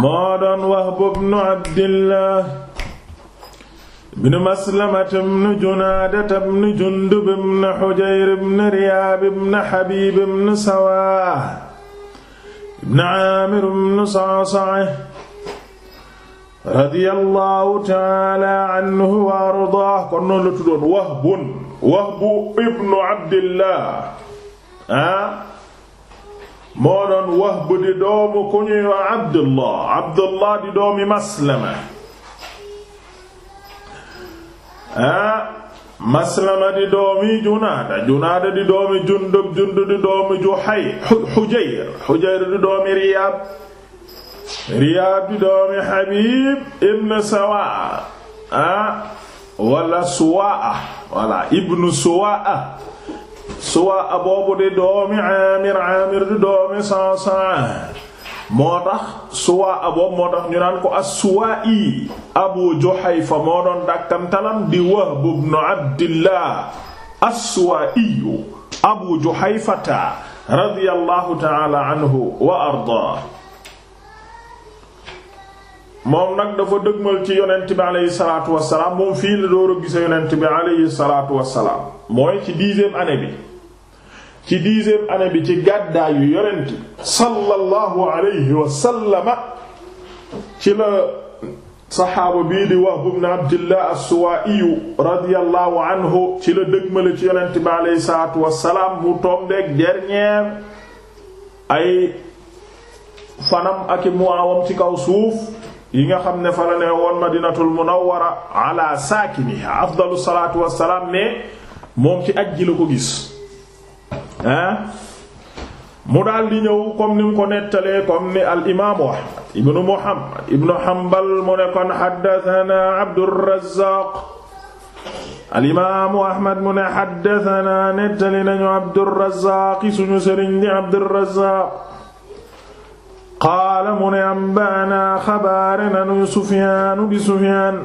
moo doon Wahb ibn Abdillah ibn Maslamata ibn Junaadata ibn Jundub ibn Hujayr ibn Riyaab ibn Habiib ibn Sawaa ibn Aamir ibn Sa'sa'a radiyallahu taala anhu wa ardaah kon noonu la tuddoon Wahbun Wahbu ibnu Abdillah ah moo doon Wahb di doomu ku ñuy Abdullah Abdullah di doomi Maslama ah Maslama di doomi Jundub Jundub di doomi Juhay Hujayr di doomi Riyaab Riyaab di doomi Habib ibn Sawaa ah, wala Suwaa wala ibn Suwaa suwa aboobu di doomi amir amir di doomi sansan moo tax suwa aboob moo tax ñu naan ko as-Suwaa'i abu Juhayfa moo doon dàkkantalam di Wahb ibn Abdillah as-Suwaa'i abu Juhayfata radiyallahu ta'ala anhu wa ardaa moom nag dafa dëgmal ci yonent bi aleyhi salaatu wassalaam moom fii la door a gisa yonent bi aleyhi salaatu wassalaam mooy ci dixième année ci dixième année bi ci gàddaayu yonent bi sallallahu alayhi wa ci la saxaaba bii di Wahb ibn Abdillah as-Suwaa'i radiyallahu anhu ci la dëgmale ci yonent bi alayhi salaatu wassalaam mu tombeek dernier ay fanam ak i muwaawam ci kaw suuf yi nga xam ne fa la ne woon Madinatul Munawwara ala saakiniha afdalu salaatu wassalaam ne moom ci ajji la ko gis ah mu daal di ñëw comme ni mu ko nettalee comme ni al imaamu ahmad ibnu muhammad ibnu hanbal mu ne kon xaddatana abdurrazaaq al imaamu ahmad mu ne xaddatana nettali nañu abdurrazaaq suñu sëriñ di abdurrazaaq qaala mu ne ambaana xabaare nanu sufyaanu di sufyaan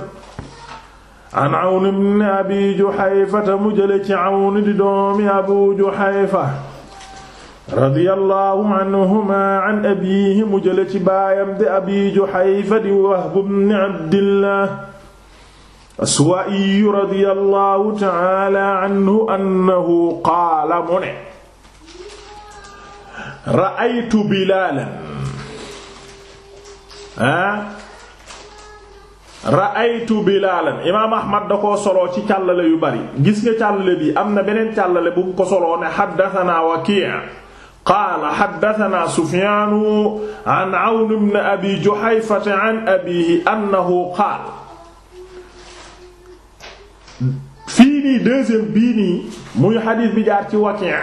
an Awn ibn Abi Juhayfa ta mu jële ci Awn di doomi Abu Juhayfa radiyallahu anhuma an abiihi mu jële ci baayam di Abi Juhayfa di Wahb ibn Abdillah Aswa'i radiyallahu ta'ala anhu annahu qaala mu ne ra'aytu Bilaalan ah, ra'aytu bilaalan imaam ahmad da koo soloo ci càllale yu bari gis nga càllale bi am na beneen càllale bu ko soloo ne xaddatanaa waki' qaala xaddatanaa sufyaanu an awn ibn muy xadiis bi jaar ci waki'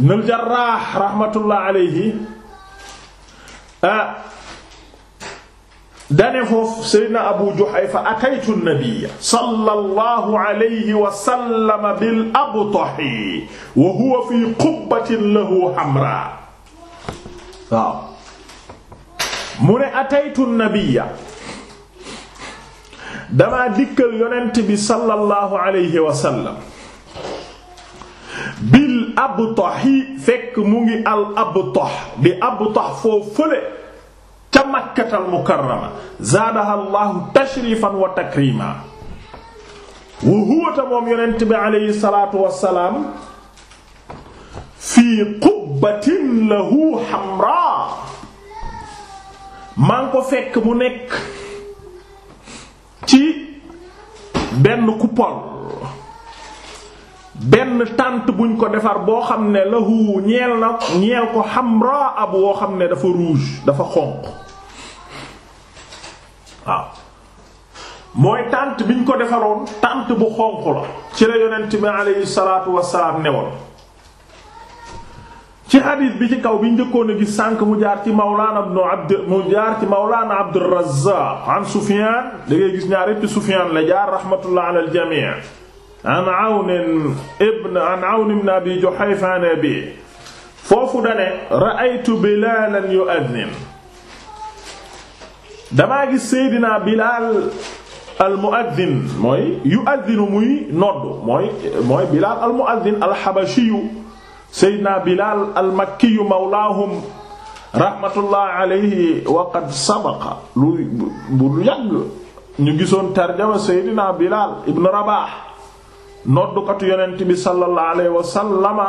ibn al jarraax alayhi ah, dane foofu seydna abu juhayfa ataytu nabiyya sallallahu alayhi wa sallam bil abtahi wa huwa fi qubbatin lahu hamra waaw mu ne ataytu nabiyya damaa dikkal yonent bi sallallahu alayhi wa sallam bil abtahi fekk mu ngi al abtah di abtah foofu fële ca makkatal mukarrama zaadaha llahu tashrifan wa takrima wa moom yonent bi aleyhi salaatu salaam fii qubbatin lahu hamra maa ko fekk mu nekk ci benn coupole benn tànt buñ ko defar boo xam ne lahu ñeel na ñeel ko hamra ab woo xam ne dafa rouge dafa xonq waaw mooy tànt biñ ko defaloon tànt bu xonq la ci la yonent bi aleyhi salaatu wassalaam newoon ci hadith bi ci kaw bi njëkkoon a gis sànq mu jaar ci Mawlana ibn mu jaar ci Mawlana Abdur Razzaq an Sufyan da gis ñaar yépp Sufyan la jaar rahmatullah ala al an Awn ibn Abi Juhayfa abi foofu dane ra'aytu Bilalan yu'adhdhin damaa gis Seydina Bilaal al muaddin mooy yu addinu muy nodd mooy mooy Bilaal al muaddin al xabashiyu Seydina Bilaal al makkiyu mawlaahum rahmatullah alayhi wa qad sabaqa lu bu yàgg ñu gisoon tarjama Seydina Bilaal ibn Rabaax noddukatu yonent bi sallallahu alayhi wa sallama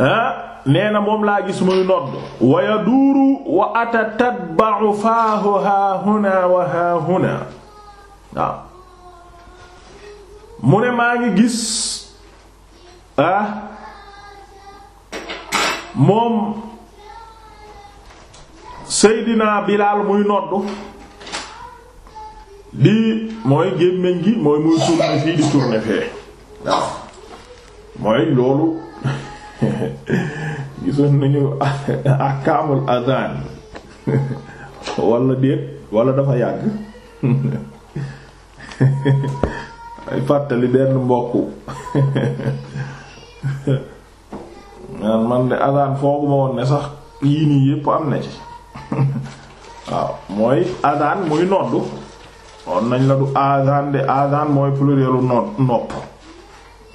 ah nee na moom laa gis muy nodd wa yaduuru wa ata tatba'u faahu haahuna wa haahuna waaw mu ne maa ngi gis ah moom Seydina Bilaal muy nodd di mooy gémmiñ gi mooy muy tourner fii di tourner fee waaw mooy loolu gisoon nañu ahkaamul adaan wala déet wala dafa yàgg ay fàttali benn mbokk man de adaan fooguma woon ne sax yii nii yépp am na ci waaw mooy adaan muy noddu woon nañ la du adaan de adaan mooy plurielu nodd nopp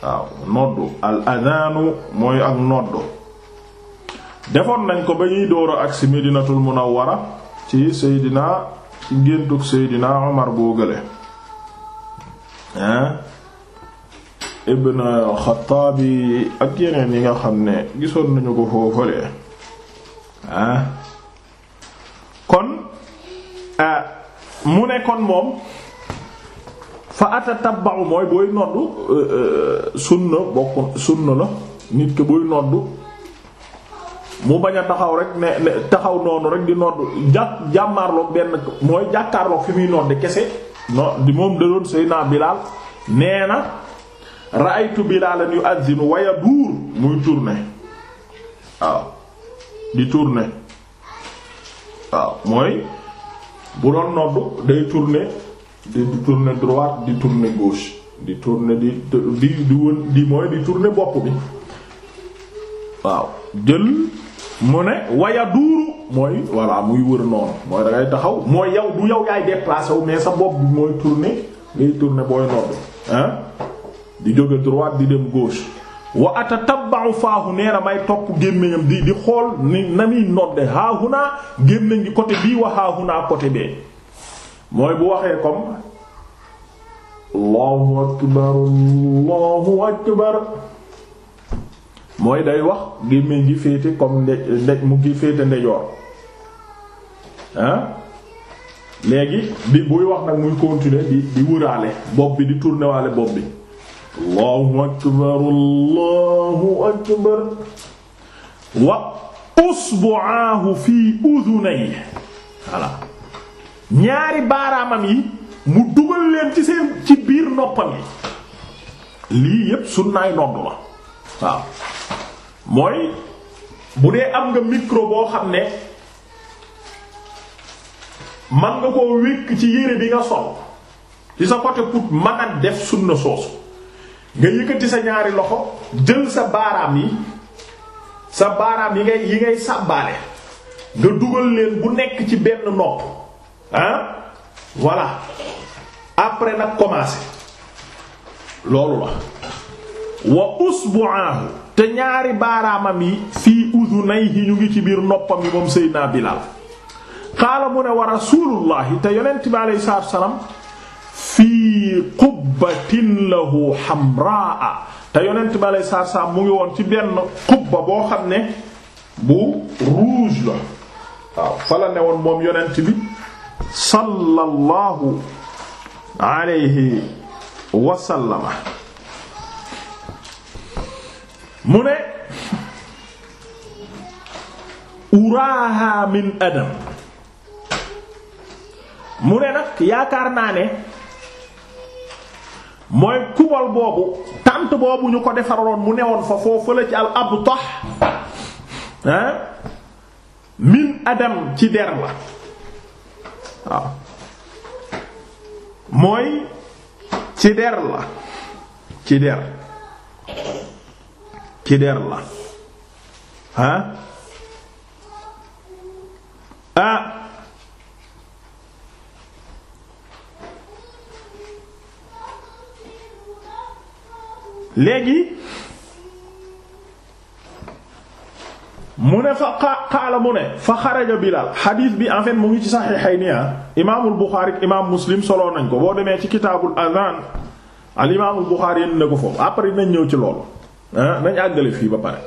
waaw noddu al adaanu mooy ak noddu defoon nañ ko ba ñuy door a agsi Medinatul Munawwara ci Seydina ci géntug Seydina Omar boo gële hein Ibn Xattaabi ak yeneen yi nga xam ne gisoon nañu ko foofalee kon mu ne kon moom fa atatabba'u mooy booy noddu euh, euh, sunna bokk sunna la nit ki booy noddu mu bañ a taxaw rek ne taxaw noonu rek di nodd jàpp jàmmaarloog benn mooy jàkkaarloog fi muy nodd kese non di moom da doon Seydina Bilaal nee na ra'aytu Bilaalan yu'adhdhinu wa yaduur muy tourner waaw di tourner waaw bu doon nodd day tourner di tourner droite di tourner gauche di tourner di di di wën di mooy di tourner bopp bi waaw jël mu ne waya duuru mooy voilà muy wër noonu mooy da taxaw mooy yow du yow yaay déplacé wu mais sa bopp bi mooy tourner ngay tourner booy nodd ah di jóge droite di dem gauche wa atatabba'u faahu nee na may topp gémmiñam di di xool ni na gémmiñ côté bii wa haahunaa côté bee mooy bu waxee comme allahu akbar allahu akbar mooy day wax gémmiñ gi féete comme nde nde mu ngi féete ndejoor léegi bi buy wax nag muy continuer di di bopp bi di tourner waale bopp bi allahu akbar allahu akbar wa usbu'ahu fi udhunayhi voilà ñaari baaraamam yi mu dugal leen ci seen ci biir noppam yi lii yépp sunnaay nodd la waaw mooy bu dee am nga micro boo xam ne man nga koo wékk ci yére bi nga sol ci sa côté pour mën a def sunna soosu nga yëkkati sa ñaari loxo jël sa baaraam yi sa baaraam yi ngay yi ngay sàbbaale nga dugal leen bu nekk ci benn nopp ah voilà après nag commencer loolu la wa usbu'ahu te ñaari baaraamam yi fii udunayhi ñu ngi ci biir noppam yi moom Seydina Bilaal qaala mu ne wa rasulullahi te yonent bi aleyhi salaatu wa salaam fii qubbatin lahu hamraa te yonent bi aleyhi salaatu wa mu ngi woon ci benn qubba boo xam ne bu rouge la waaw ne woon moom yonent bi sallallahu alayhi wa mu ne uraaha min adam mu ne nag yaakaar naa ne mooy kubal boobu tànt boobu ñu ko defaroon mu newoon fa foofu la ci al abtah ah min adam ci der la waaw mooy ci der la ci der ci der la ah! léegi mu ne fa qaala mu ne fa xaraja Bilaal xadiis bi en fait mu ngi ci saxiixayni ah imaamul Buxaari ak imaam Muslim solo nañ ko boo demee ci kitaabul azaan al imaamul Buxaari yéen na ko foofu après nañ ñëw ci loolu Ah, nañ àggale fii ba pare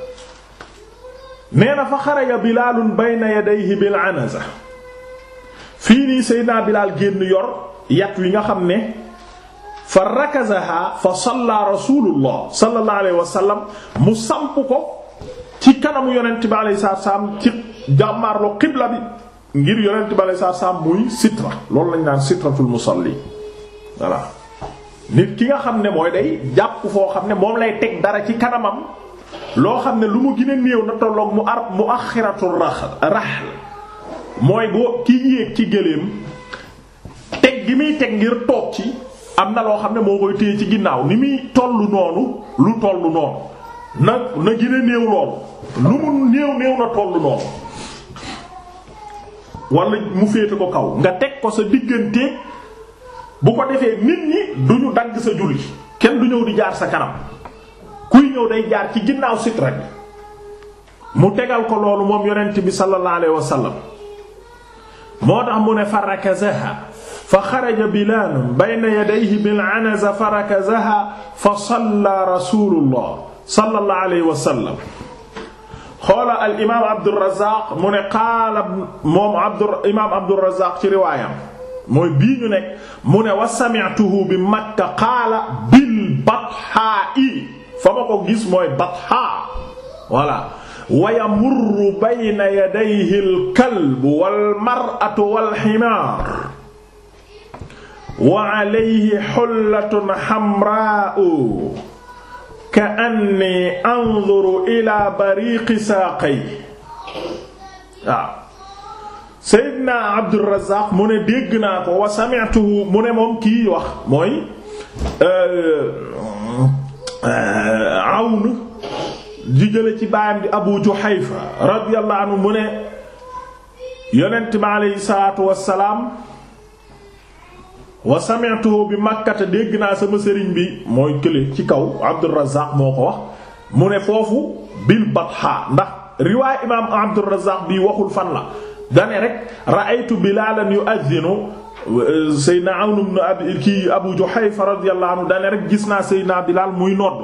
nee na fa xaraja bilaalun bayna yadayhi bil anaza fii nii seydinaa bilaal génn yor yat wi nga xam ne fa rakazaha fa salla rasulullah sallallahu alayhi wa sallam mu samp ko ci kanamu yonent bi alayhi salaatu salaam ci jàmmaarloo qibla bi ngir yonent bi alayhi salaatu salaam muy sitra loolu lañ naan sitratul musalli voilà nit ki nga xam ne mooy day jàpp foo xam ne moom lay teg dara ci kanamam loo xam ne lu mu gën a néew na tolloog mu ar mu axiratul rax rax mooy boo ki yéeg ci gëléem teg gi muy teg ngir toog ci am na loo xam ne moo koy téye ci ginnaaw ni muy tollu noonu lu tollu noonu na na gën a néew loolu lu mu néew néew na tollu noonu wala mu féete ko kaw nga teg ko sa diggante bu ko defee nit ñi du ñu dagg sa julli kenn du ñëw di jaar sa kanam kuy ñëw day jaar ci ginnaaw sit mu tegal ko loolu moom yonent bi sallallahu alayhi wa moo tax mu ne fa rakazaha fa xaraja bilaal bayna yadayhi bil anaza fa rakazaha fa salla rasulullah sallallahu alayhi wa sallam xoola al imaam Abdurrazaaq mu ne qaala moom Abdur imaam ci riwaayam mooy bii ñu nekk mu ne wa sami'tuhu bi makka qaala bil bathaa i fa ma ko gis mooy bathaa voilà wa yamurru bayna yadayhi al kalbu wal mar'atu wal himaar wa alayhi hullatun hamraa'u ka'anni anzuru ilaa bariiqi saaqayhi waaw ah. Seydina Abdurrazzaq mu ne dégg naa ko wa sami'tuhu mu ne moom kii wax mooy euh, Awn di jële ci baayam di Abu Juhayfa radiyallahu anhu mu ne yonent bi aleyhi salaatu wassalaam wa sami'tuhu bi Makkata dégg naa sama sëriñ bi mooy kële ci kaw Abdurrazzaq moo ko wax mu ne foofu bil Batha ndax riwaay imaam Abdurrazzaq bi waxul fan la dane rek ra'aytu bilalan yu'adhdhinu euh, saydna awn ibn abi abu juhayfa radiyallahu anhu dane rek gis naa saydna bilal muy nodd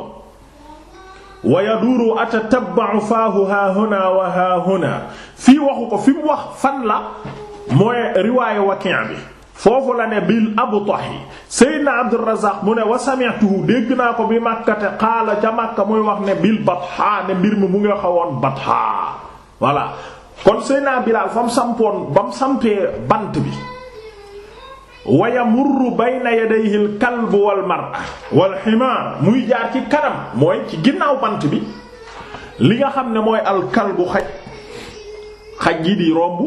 wa yaduuru atatabba'u faahu haahuna wa haahuna fii waxu ko fi mu wax fan la mooy riwaaya Waki' bi foofu la ne bil abtahi saydna abdourazaq mu ne wa sami'tuhu dégg naa ko bi màkkate qaala ca màkka moy wax ne bil batha ne mbir mi mu nga xawoon batha voilà kon Seydina Bilaal fa mu sampoon ba mu sampee bant bi wa yamurru bayna day al kalb wal mar'a wal ximaar muy jaar ci kanam mooy ci ginnaaw bant bi li nga xam ne mooy al kalbu xaj xaj yi di romb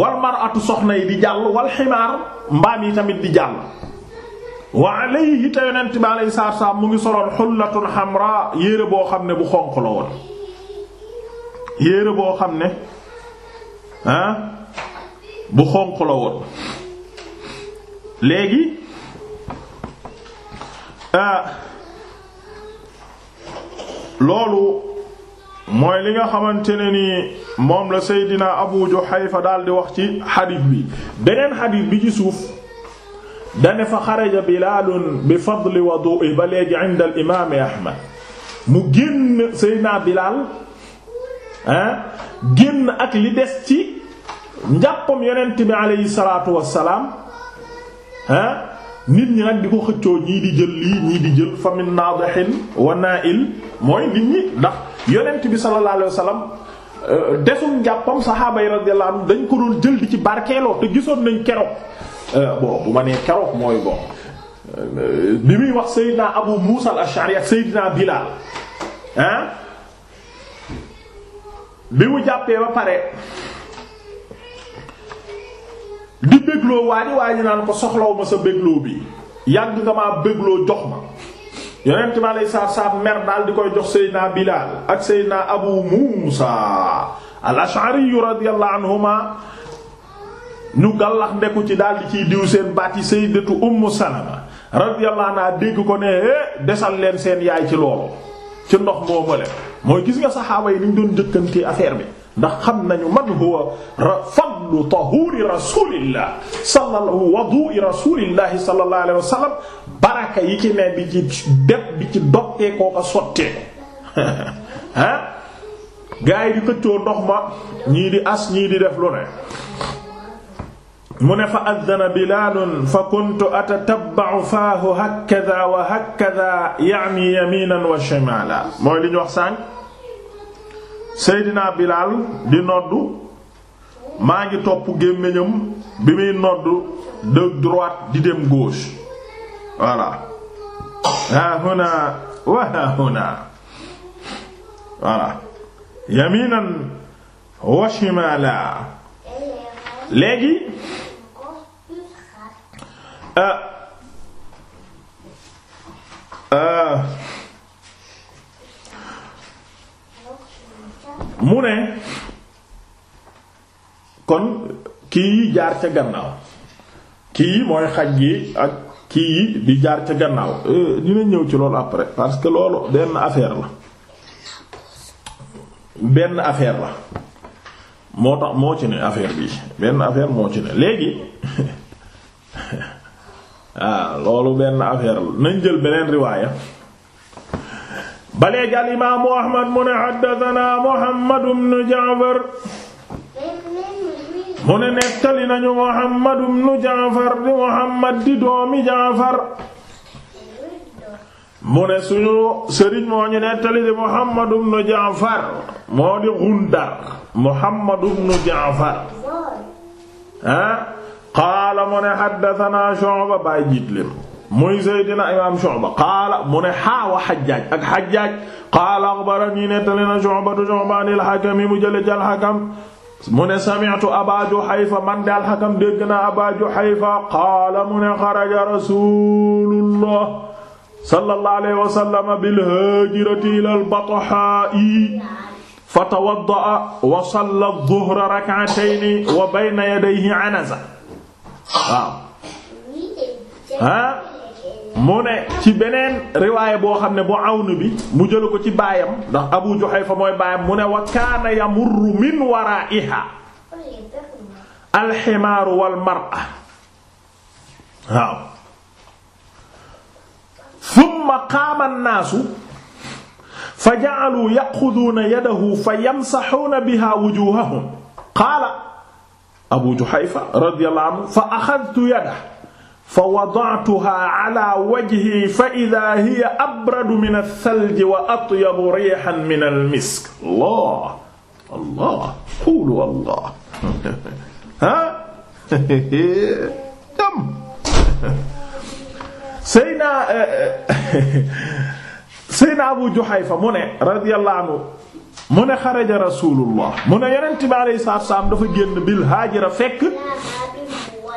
wal mar'atu soxna yi di jàll wal ximaar mbaam yi tamit di jàll wa alayhi te yonent bi alayhi salaam mu ngi soloon xullatun xamra yére boo xam ne bu xonq la woon yéere boo xam ne ah bu xonq la woon léegi ah, loolu mooy li nga xamante ne ni moom la Seydina Abu Juhayfa daal di wax ci xadiis bi beneen xadiis bi ci suuf dane fa xaraja Bilaal bi fadli wudu'i ba léegi inda al imaam mu génn Seydina Bilaal ah génn ak li des ci njàppam yonent bi aleyhi salaatu wassalaam ah nit ñi nag di ko xëccoo ñii di jël lii ñii di jël famin naadihin wa naa'il mooy nit ñi ndax yonent bi sallallahu alayhi salaam euh, desum njàppam saxaaba yi radiyallahu anhum dañ ko doon jël di ci barkeeloo te gisoon nañ keroog euh, bon bu ma nee keroog mooy bon euh, bi muy wax Seydina Abu Muusa al-Ash'ari ak Bilaal bi mu jàppee ba pare di bégloo waa ji waa ji naan ko soxlaw sa bégloo bi yàgg nga maa bégloo jox ma yonent bi aleyhi salaatu salaam mer daal di koy jox Seydina Bilaal ak Seydina Abu Muusa al-Ash'ari radiyallahu anhuma ñu gàllax ndeku ci daal di ciy diw seen baat yi Sayyidatu Ummu Salama radiyallahu dégg ko ne eh, desal leen seen yaay ci loolu ci ndox moo mëne mooy gis nga saxaaba yi niñ doon njëkkantee affaire bi ndax xam nañu man huwa fadlu tahuuri rasulillah sallallahu wadu'i rasulillahi sallallahu alayhi baraka yi ci ne bi ci def bi ci dottee koo ko sottee ko di xëccoo ndox ma ñii di as ñii di def lu ne mu ne fa addana bilaadun fa kuntu atatabba'u faahu hakada wa hakada yaani yaminan wa shimala mooy li ñu wax sànq Seydina Bilaal di noddu maa ngi topp gémmiñam bi muy noddu de droite di dem gauche voilà ha huna wa ha huna voilà yaminan wa shimala léegi Ah. Ah. mu ne kon kii jaar ca gannaaw kii mooy xaj gi ak kii di jaar ca gannaaw euh, dina ñëw ci loolu après parce que loolu benn affaire la benn affaire la moo tax moo ci ne affaire bi benn affaire moo ci ne léegi Ah, loolu benn affaire nañ jël beneen riwaaya balee jàll imaamu ahmad mu ne xaddatanaa muhammad bnu jaafar mu ne nettali nañu muhammad bnu jaafar di muhammad di doomi jaafar mu ne suñu sëriñ moo ñu nettali di muhammad bnu jaafar moo di gundar muhammad bnu jaafar ah qaala mu ne xaddatanaa Shu'ba baay jiitlim muy Seydina imaam Shu'ba qaala mu ne xaawa xajjaaj ak xajjaaj qaala axbaranii nettali na Shu'ba tu Shu'ba anil Hakam mu jële ci al-Hakam mu ne sami'tu Abaa Juhayfa man de al-Hakam dégg naa Abaa Juhayfa qaala mu ne xaraja Rasuulullah sallallahu alayhi wa sallam bil haajirati ilal Bathaa fa tawadda'a wa salla adh-dhuhra rak'atayni wa bayna yadayhi anaza waaw ah mu ne ci beneen riwaaya boo xam ne bu Awn bi mu jëlu ko ci baayam ndax Abu Juhayfa mooy baayam mu ne wa kaana yamurru min waraa'iha alximaaru wal mar'a waaw thumma qaama an-naasu fa ja'aluu yaxuduuna yadahu fa yamsaxuuna biha wujuuhahum qaala Abu Juhayfa radiyallahu anhu fa axadtu yadahu fa wada'tuha ala wajhi fa idha hiya abradu min ath-thalji wa atyabu rihan min al-misk Allah Allah qulu Allah ha tam Seyna Seyna Abu Juhayfa mu ne radiyallahu anhu mu ne xaraja rasulullah mu ne yonent bi alayhi salaatu salaam dafa génn bil haajira fekk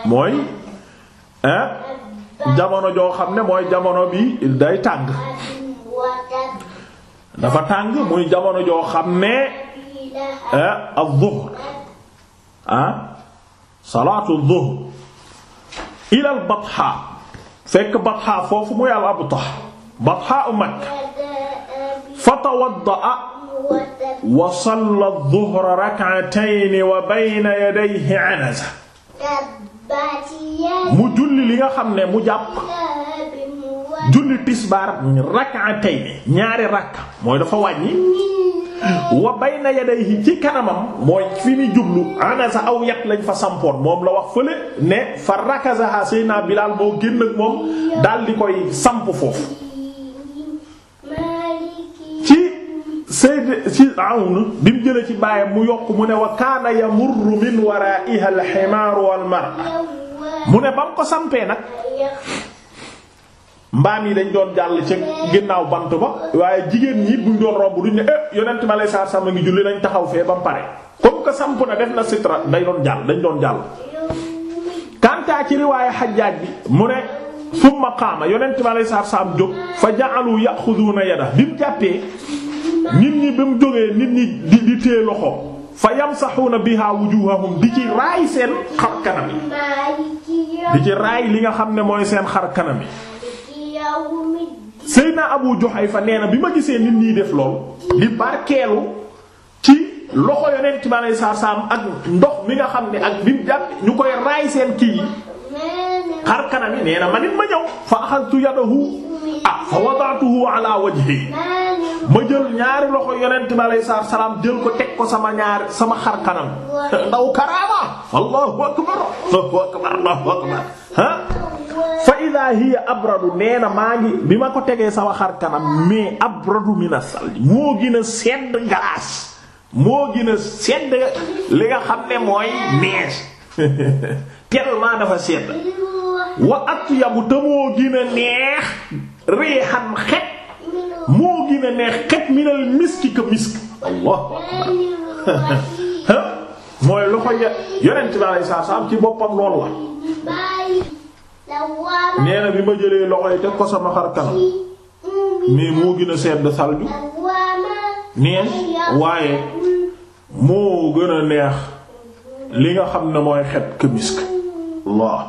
mooy jamono joo xam ne mooy jamono bi day tàng dafa tàng muy jamono joo xam ne az-zuhr ah salaatu az-zuhr ila fekk batha foofu muy al-abtah batha Makka fa tawadda'a wa salla ad-duhra rak'atayn mu julli li nga xam ne mu jàpp julli tisbaar rak'atayn ñaari rakk mooy dafa wàññi wa bayna yadayhi ci kanamam mooy fi ni jublu aw yat lañ fa sampoon moom la wax fële ne fa rakazaha sayna Bilaal moo génn ak moom daal di koy samp foofu sayd ci awn bi mu jëlee ci baayam mu yokk mu ne wa kaana yamurru min waraa'iha al-himaaru wal mu ne ba mu ko sampee nag mbaam yi dañ doon jàll ci ginnaaw bant ba waaye jigéen ñi buñ doon romb duñ ne eh yonent ma lay saa ngi julli dañ taxaw fee ba mu pare comme que samp na def na sitra day doon jàll dañ doon jàll kantaa ci riwaaye xajaaj bi mu ne summa qaama yonent ma lay saa saam jóg fa ja'alu ya'xuduuna yada bi mu jàppee nit ñi bi mu jógee nit ñi di di téye loxo fa yamsaxuuna biha wujuhahum di ci raay seen xar kanam yi di ci raay li nga xam ne mooy seen xar kanam yi Seydina Abu Juhayfa nee na bi ma gisee nit ñi def lool di barkeelu ci loxo yonent bi alayhi salaam ak ndox mi nga xam ne ak bi mu jàpp ñu koy raay seen kii yi xar kanam yi nee na ma nit ma ñëw fa axadtu yadahu ah fa wada'tuhu ala wajhi ma jël ñaari loxo yonent bi alayhi salaam jël ko teg ko sama ñaar sama xar kanam ndaw karaama allahu akbar allahu akbar fa idha hiya abradu nee maa ngi bi ma ko tegee sama xar kanam mais abradu min as-salji moo gën sedd glace moo gën sedd li nga xam ne mooy neige tellement dafa sedd wa atyabu te moo gën neex reexan xet moo gën a neex xet minal miski ka misk mooy lu ko yonent bi alayhi salaam ci boppam loolu la nee bi ma jëlee loxo yi teg ko sama xar kanam mais moo gën a sedd salju neen waaye moo gën a neex li nga xam ne mooy xet ka misk allah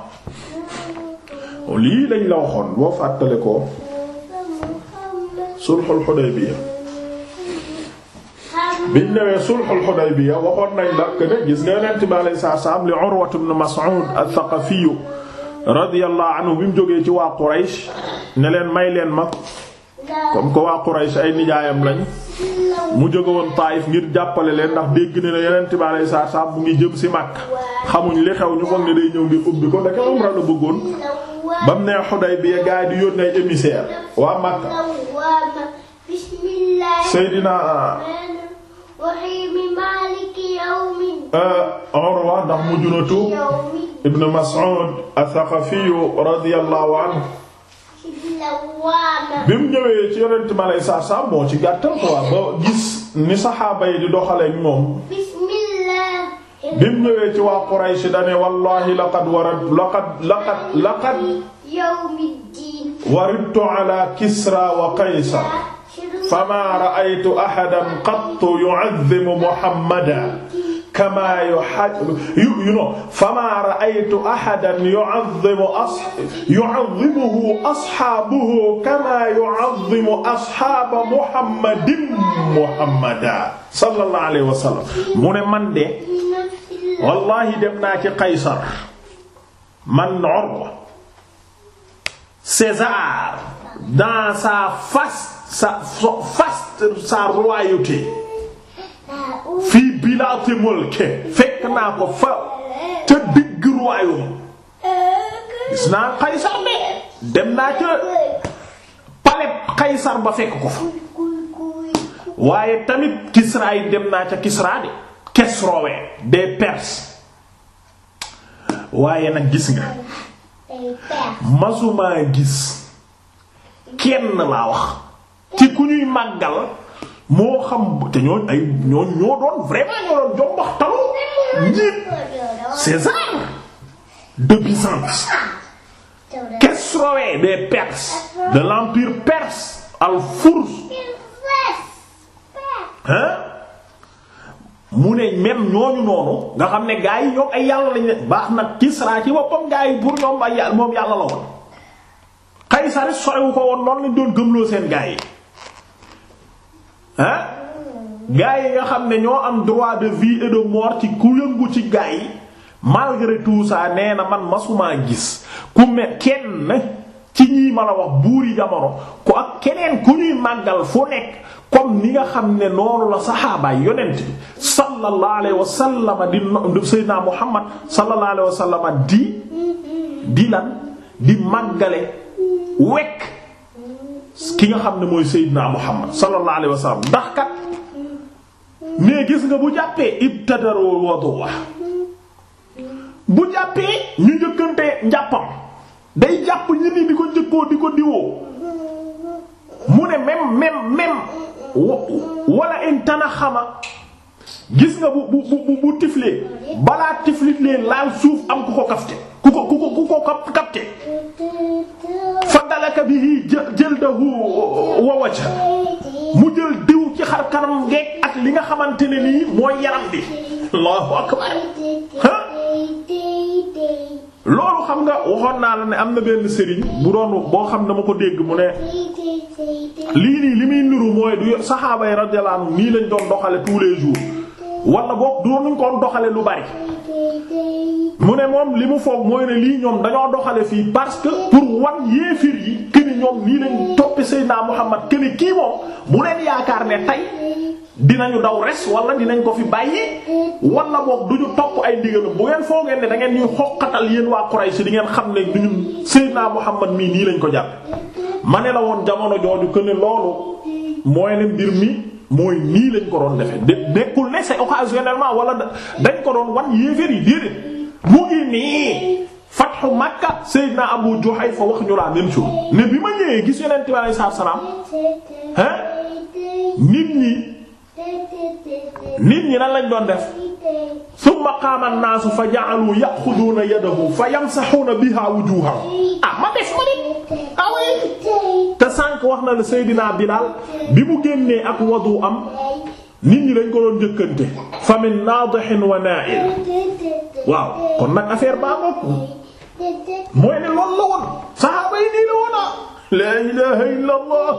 lii lañ la waxoon boo fàttale ko sulxul Xudaybiya biñ newee sulxul Xudaybiya waxoon nañ la ne gis nga Yonent bi alayhi salaam li Urwa ibn Mas'ud al-Thaqafi radiyallahu bi mu jógee ci waa Quraysh ne leen may leen ma comme que waa Quraysh ay nijaayam lañ mu jóge woon Taayif ngir jàppale leen ndax dégg ne ne Yonent bi alayhi salaam bu ngi jëm ci Makka xamuñ li xew ñu foog ne day ñëw ngir ubbi ko da umra la bëggoon. ba mu nee Xudaybiya gaa yi di yónni waa Makka Seydina ah. eh, Urwa ndax mujj na tuub Ibn Mas'ud As-Saqafi radiyallahu bi mu ñëwee ci yonent ma lay saa moo ci gàttal ko waa ba gis ni saxaaba yi di doxaleek moom bi mu ñëwee ci waa Quraysh dane wallahi laqad warad laqad laqad laqad waridtu ala Kisra wa Qaysar fama ra'aytu ahadan qattu yu'azzimu Muhammadan kama yu yu no fama ra'aytu ahadan yu'azzimu as yu'azzimuhu ashaabuhu kama yu'azzimu ashaaba muhammadin muhammadan sallallahu alayhi wa sallam mu ne man de wallahi dem naa ci Qaysar man Urwa César dans sa face sa face sa royauté bilaati mulki fekk naa ko fa ca digg royaume gis naa Qaysar de dem naa ca palais Qaysar ba fekk ko fa waaye tamit Kisra dem naa ca Kisra de Kesrowe des Perses waaye nag gis nga masumaa gis kenn laa wax ci ku ñuy màggal moo xam te ay ñooñ ñoo doon vraiment ñoo doon jombax taloo njiit César de Byzance Kesroé des Perses de l'empire perse al-Furs hein mu ne même ñooñu noonu nga xam ne gaa yi ñoom ay yàlla lañ ne baax nag Kisra ci boppam gaa yi pour ñoom ay yàlla moom yàlla la woon Qaysar sore ko woon noonu lañ doon gëmloo seen gaa yi ah gaa yi nga xam ne ñoo am droit de vie et ci ku yëngu ci gaa yi malgré nee na man masumaa gis ku me kenn ci ñii ma la wax buuri jamono ku ak keneen ku ñuy màggal fu nekk comme ni nga xam ne noonu la saxaabaay yonent bi sallallahu alayhi wa sallam di Muhammad sallallahu alayhi di di di màggale wekk ki nga xam ne mooy Seydina Muhammad sallallahu alayhi wa sallam ndax kat mais gis nga bu jàppee ibtadarul wudu bu jàppee ñu njëkkante njàppam day jàpp ñi ni di ko njëkkoo di ko diwoo mu ne même même même wala in tanaxama gis nga bu bu bu bu tiflee balaa tiflit leen laal suuf am ku ko kafte ku ko ku ko ku fa dalaka bihi jildahu wa wajha mu jël diw ci xar kanam geeg ak li nga xamante ni nii mooy yaram bi allahu akbar loolu xam nga waxoon naa la ne am na benn sëriñ bu doon boo xam ne dama ko dégg mu ne lii nii li muy niru mooy du saxaaba yi radiyallahu anhum nii lañ doon doxale tous les jours wala boog doon doxale lu bari mu ne moom li mu foog mooy ne lii ñoom dañoo doxale fii parce que pour wan yéefir yi këni ñoom nii lañ toppi Seydina Muhammad këni kii moom bu leen yaakaar ne tey dinañu daw res wala dinañ ko fi bàyyi wan na boog du ñu topp ay ndigalu bu ngeen foogee ne da ngeen ñuy xoqatal yéen waa Quraysh di ngeen xam ne du ñu Seydina Muhammad mii nii lañ ko jàpp ma ne la woon jamono jooju këni loolu mooy ne mbir mi mooy nii lañ ko doon defe nekkul ne c'est occasionnellement wala dañ ko doon mu ngi nii fatxu Makka Seydina Abu Juhayfa wax ñu la même ne bi ma ñëwee gis yonent bi salaam hein nit ñi nit ñi lan lañ doon def summa qaama an-naasu fa ja'alu ya'xuduuna yadahu fa yamsahuuna biha wujuuhahum ah ma def ma def ah te sànq wax na la Seydina Bilaal bi mu génnee ak wadu am nit ñi dañ ko doon jëkkante famin naadihin wa naa'il waaw kon nag affaire baa bopp mooy ne loolu la woon saxaaba yi nii la woona ah. laa ilaaha illallaah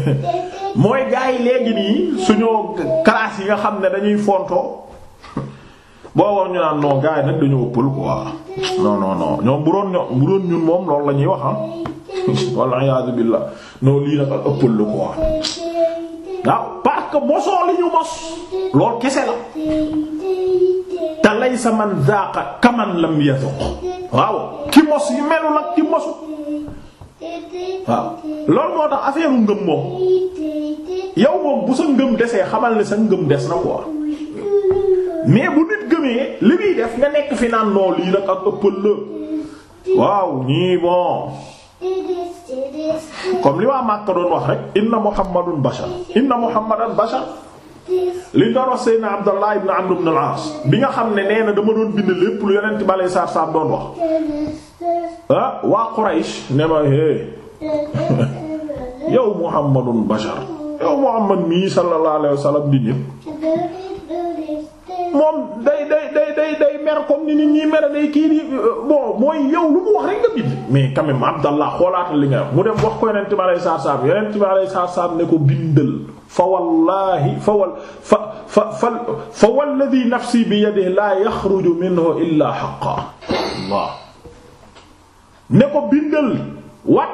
mooy gaa léegi nii suñoo classe yi nga xam ne dañuy fontoo boo war ñu naan non gars nag dañu ëppal quoi non non non ñoom bu doon ñoom bu doon ñun moom loolu la ñuy wax ah wal iyaadu billaah non lii nag ak ëppal la quoi waaw parce que mosoo li ñu mos lool kese la te laysa man zaaqa kaman lam yazuq waaw ki mos yi melu nag ki mosu waaw loolu moo tax affaire ngëm moom yow moom bu sa ngëm desee xamal ne sa ngëm des na quoi mais bu nit gëmee li muy def nga nekk fi naan lii nag ak ëppal la waaw ñii bon. comme li waa Makka doon wax rek inna muhammadun bashar inna muhammadan bashar li doon wax Seydina Abdallah bi nga xam ne nee na dama doon bind lépp lu yonent balay saar saam doon wax ah, waa Quraysh ne ma hé yow muhammadun bashar yow muhammad mii sallallahu alayhi wasallam nit moom day day day day mer comme ni nit ñi mer day kii di euh, bon mooy yow lu mu wax rek nga bind. mais quand même Abdallah xoolaatal li nga wax mu dem wax ko Yonent bi alayhi salaatu bi alayhi salaatu ne ko bindal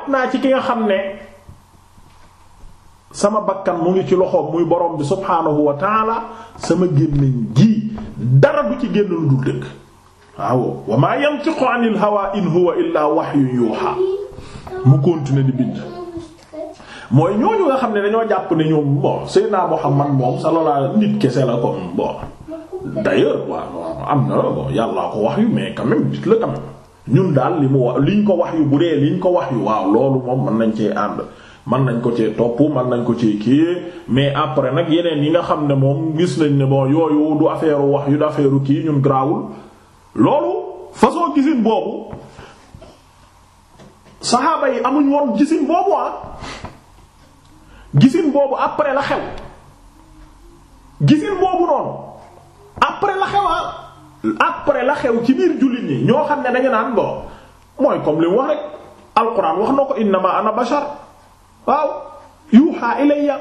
naa ci ki nga xam ne. sama bakkan mu ngi ci loxoom muy borom bi subhaanahu wa sama gémmiñ gi dara du ci génn lu dul dëgg waaw wa maa yantiqu anil hawaa in huwa illaa wahyun yuuhaa mu continuer di bind mooy ñooñu nga xam ne dañoo jàpp ne ñoom bon Seydina Muhammad moom sallallahu nit kese la comme bon d'ailleurs waaw am na bon yàllaa ko wax yu mais quand même la quand ñun daal li mu wax liñ ko wax yu bu dee liñ ko wax yu waaw loolu moom mën nañ cee ànd mën nañ ko cee topp mën nañ ko ci kii mais après nag yeneen yi nga xam ne moom gis nañ ne bon yooyu du affaire wax yu du affaire kii ñun grawul loolu façon gisin boobu saxaaba yi amuñ woon gisin boobu ah gisin boobu après la xew gisin boobu noonu après la xew ah. après la xew ci biir jullit ñi ñoo xam ne dañu naan bo mooy comme li wax rek alquran wax na ko innama ana bashar waaw yuuxa ilayya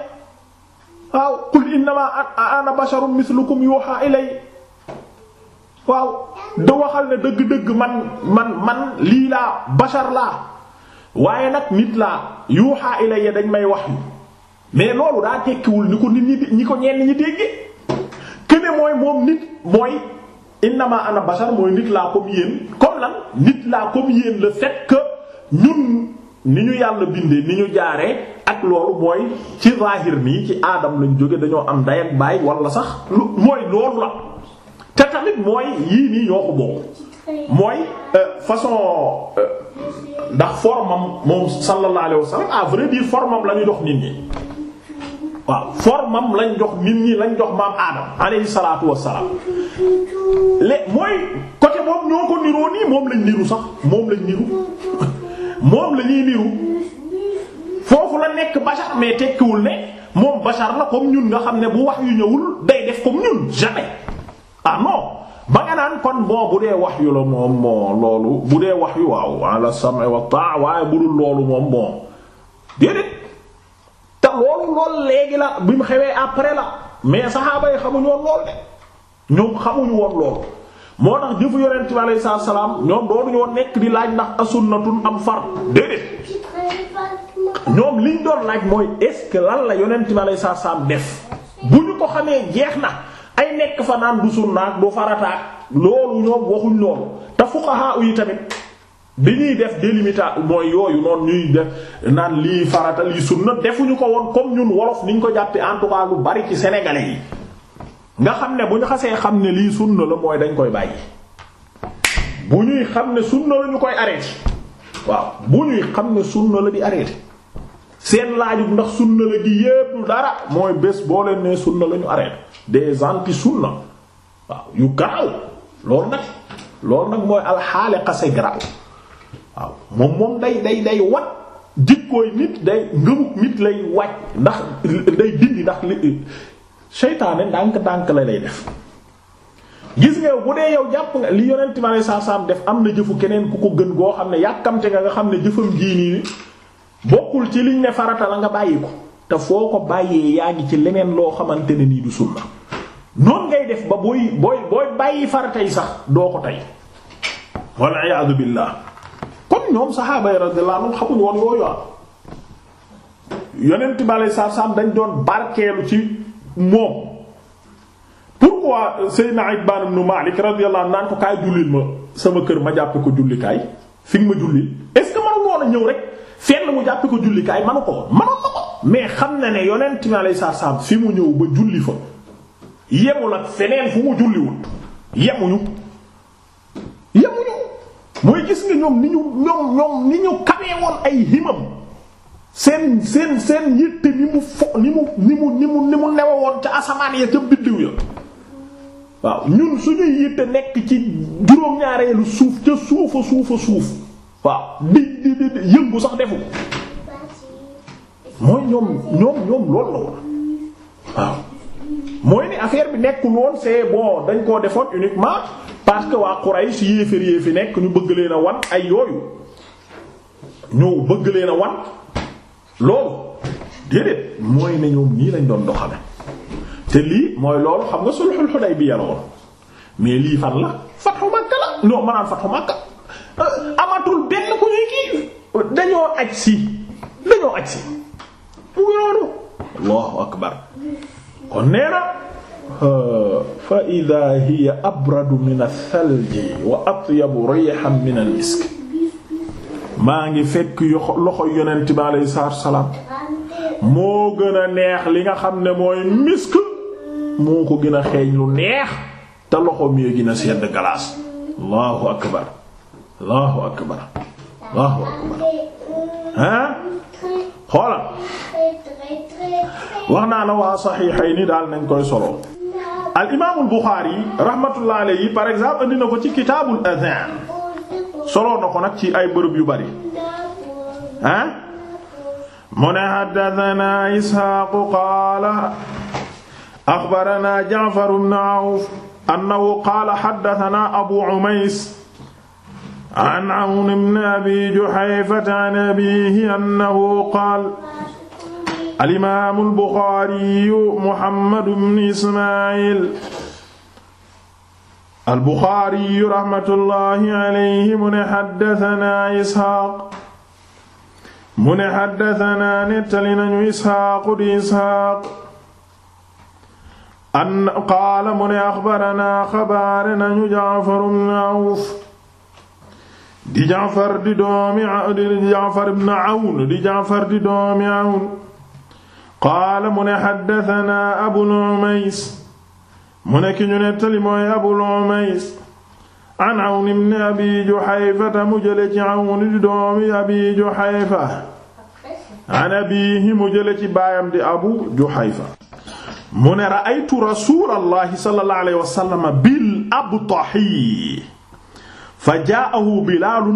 waaw qul innama ana basharun mislukum yuuxa ilayya waaw da waxal ne dëgg-dëgg man man man lii laa bashar laa waaye nag nit laa yuuxa ilayya dañ may wax yu mais loolu daa tekkiwul ni ko nit ñi ñi ko ñenn ñi dégge kene mooy moom nit mooy innama ana bashar mooy nit laa comme yéen comme lan nit laa comme yéen le fait que ñun ni ñu yàlla bindee ni ñu jaaree ak loolu mooy ci zaahir nii ci aadam lañ jóge dañoo am day ak baay wala sax lu mooy loolu la te tamit mooy yii nii ñoo ko bokk mooy euh, façon euh, ndax formam moom sallallahu alayhi wasallam formam la ñu jox nit ñi waaw formam lañ jox nit ñi lañ jox maam aadam alayhi wassalaam le mooy côté moom ñoo ko niroo nii moom lañ niru sax moom lañ niru moom la ñuy niru foofu la nekk bashar mais tekkiwul ne moom bashar la comme ñun nga xam ne bu wax yu ñëwul day def comme ñun jamais ah ba nga naan kon boo bu dee wax yu la moom bon loolu bu dee wax yu waaw ala sam'i waaye bu dul loolu moom bon déedéet te loolu lool léegi la bi mu xewee après la mais saxaaba yi xamuñu woon lool de ñoom xamuñu woon loolu moo tax jëfu yonent bi alayhi salaatu salaam ñoom doonuñoo nekk di laaj ndax asunnatun am far déedéet ñoom liñ doon laaj mooy est-ce lan la yonent bi alayhi salaatu salaam def bu ñu ko xamee jeex na ay nekk fa naan du sunnaak du farataak loolu ñoom waxuñ loolu te fuqaha yi tamit bi ñuy def délimitation mooy yooyu noonu ñuy def naan lii farata lii sunna defuñu ko woon comme ñun wolof niñ ko jàppee en tout bari ci sénégalais yi. nga xam ne bu ñu xasee xam ne lii sunna la mooy dañ koy bàyyi bu ñuy xam ne sunna la ñu koy arrêté waaw bu ñuy xam ne sunna la di arrêté seen laajub ndax sunna la gi yépp dara mooy bés boo leen nee sunna la ñu arrêté des anti sunna waaw yu garaaw loolu nag loolu nag mooy alxaale xase garaaw waaw moom moom day day day wat jikkooy nit day ngëmuk nit lay wàcc ndax day dindi ndax seytaane ndànk-ndànk la lay def gis nga bu dee yow jàpp nga li yonent ma lay def am na jëfu keneen ku ko gën goo xam ne yàkkamte nga nga xam ne jëfam jii nii bokkul ci liñ ne farata la nga bàyyi ko te foo ko bàyyee yaa ngi ci leneen loo xamante ne nii du sunna noonu ngay def ba booy booy booy bàyyi farata yi sax doo ko tey walla iyaadu billaah kon ñoom saxaaba yi radiyallaahu anhum xamuñ woon yooyu ah. yonent ma lay dañ doon barkeelu ci moom pourquoi Seydina Itbaan ibn Maalik radiyallahu anhu naan ko kaay jullil ma sama kër ma jàppe ko jullikaay fi nga ma julli est-ce que manu woon a ñëw rek fenn mu jàppe ko jullikaay manu ko woon manu ko ko mais xam na ne yonent mi alayhi salaam fi mu ñëw ba julli fa yemul ak feneen fu mu julliwul yemuñu yemuñu mooy gis nga ñoom ni ñu ñoom ñoom ni ñu kamee woon ay himam seen seen seen yitte ni mu fo ni mu ni mu ni mu ni woon ca asamaan ya ca biddiw ya waaw ñun suñuy yitte nekk ci juróom-ñaareelu suuf ca suufa suufa suuf waaw di di di yëngu sax defu mooy ñoom ñoom ñoom loolu la woon waaw mooy ni affaire bi nekkul woon c'est bon dañ koo defoon uniquement parce que waa Quraysh yéefar yéefi nekk ñu bëgg leen a wan ay yooyu ñu bëgg leen a wan loolu déedéet mooy ne ñoom nii lañ doon doxale te lii mooy loolu xam nga sulhul Hudaybiya la woon mais lii fan la fathu Makka la non maanaam fathu Makka euh, amatul benn ku ñuy kii dañoo aj mu yoonu allahu akbar kon nee na euh, fa idha hiya abradu min ath-thalji wa atyabu min al-misk maa ngi fekk loxo yonent bi alayhi salaatu salaam moo gën a neex li nga xam ne mooy misk moo ko gën a xeeñ lu neex te loxo mi gën a sedd galaas allahu akbar allahu akbar allahu akbar ah xoolal wax naa la waa saxiixayni daal nañ koy solo al imaamul Buxaari rahmatullahi alayhi par exemple andi ko ci kitaabul azaan soloo na ko nag ci ay bërëb yu bari ah mu ne haddathana ishaaqu qaala axbarana ja'far ibn awf annahu qaala haddathana abu umays an awn ibn abi juhayfata an abiihi annahu qaala al imaamul buxaari muhammad ibn ismaayil albuxaariyu raxmatullahi alayhi mu ne xaddatanaa isxaaq mu ne xaddatanaa nettali nañu isxaaqu di isxaaq an qaala mu ne axbaranaa xabaare nañu jaafar ibn awf di jaafar di doomi di jaafar ibn awn di jaafar di doomi awn qaala mu ne xaddatanaa abul umays mu nekk ñu nettali mooy Abul Umays an Awn ibn Abi Juhayfa mu jële ci Awn di doomi Abi Juhayfa an abiihi mu jële ci baayam di Abu Juhayfa mu ne ra'aytu Rasuulallahi sallallahu alayhi wa sallam bil abtahi fa jaa'ahu Bilaal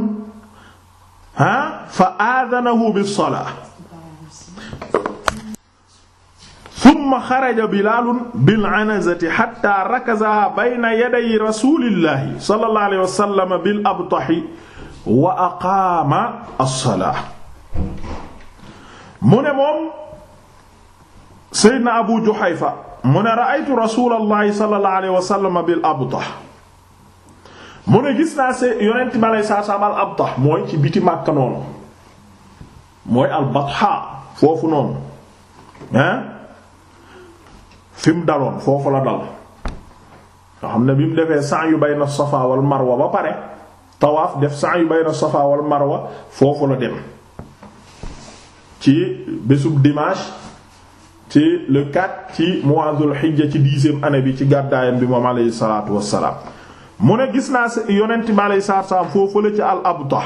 ha fa aadanahu bis-salaa summa xaraja bilaalun bil anazati xatta rakazaha bayna yaday rasulillahi sallallahu alayhi wa sallam bil abtahi wa aqaama as-salaa mu ne moom Seydina Abu Juhayfa mu ne ra'aytu rasulallahi sallallahu alayhi wa sallam bil abtah mu ne gis naa see yonent bi alayhi salaam al abtah mooy ci biti Makka noonu mooy al batha foofu noonu ah fi mu daloon foofu la dal nga xam ne bi mu defee sa'yu bayna safa marwa ba pare tawaaf def sa'yu bayna safa wal marwa foofu la dem ci bésub dimanche ci le 4 ci mois dul ci dixième année bi ci gàddaayam bi moom aleyhi salaatu wassalaam mu ne gis naa yonent bi aleyhi salaatu wassalaam foofu la ci al abtah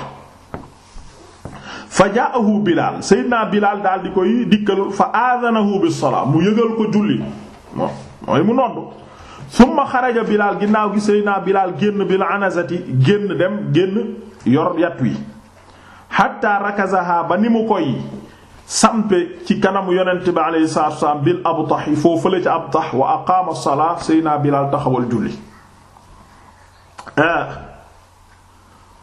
fa ja'ahu bilaal seydinaa bilaal daal di koy dikkal fa aadanahu bis salaa mu yëgal ko julli moom mooy mu noddu summa xaraja bilaal ginnaaw gi seydinaa bilaal génn bil anazati génn dem génn yor yat wi xatta rakazaha ba ni mu koy sampe ci kanamu yonent bi alayhi salaatu wasalaam bil abtah yi foofu la ci abtah wa aqaama salaa seydinaa bilaal taxawal julli eh,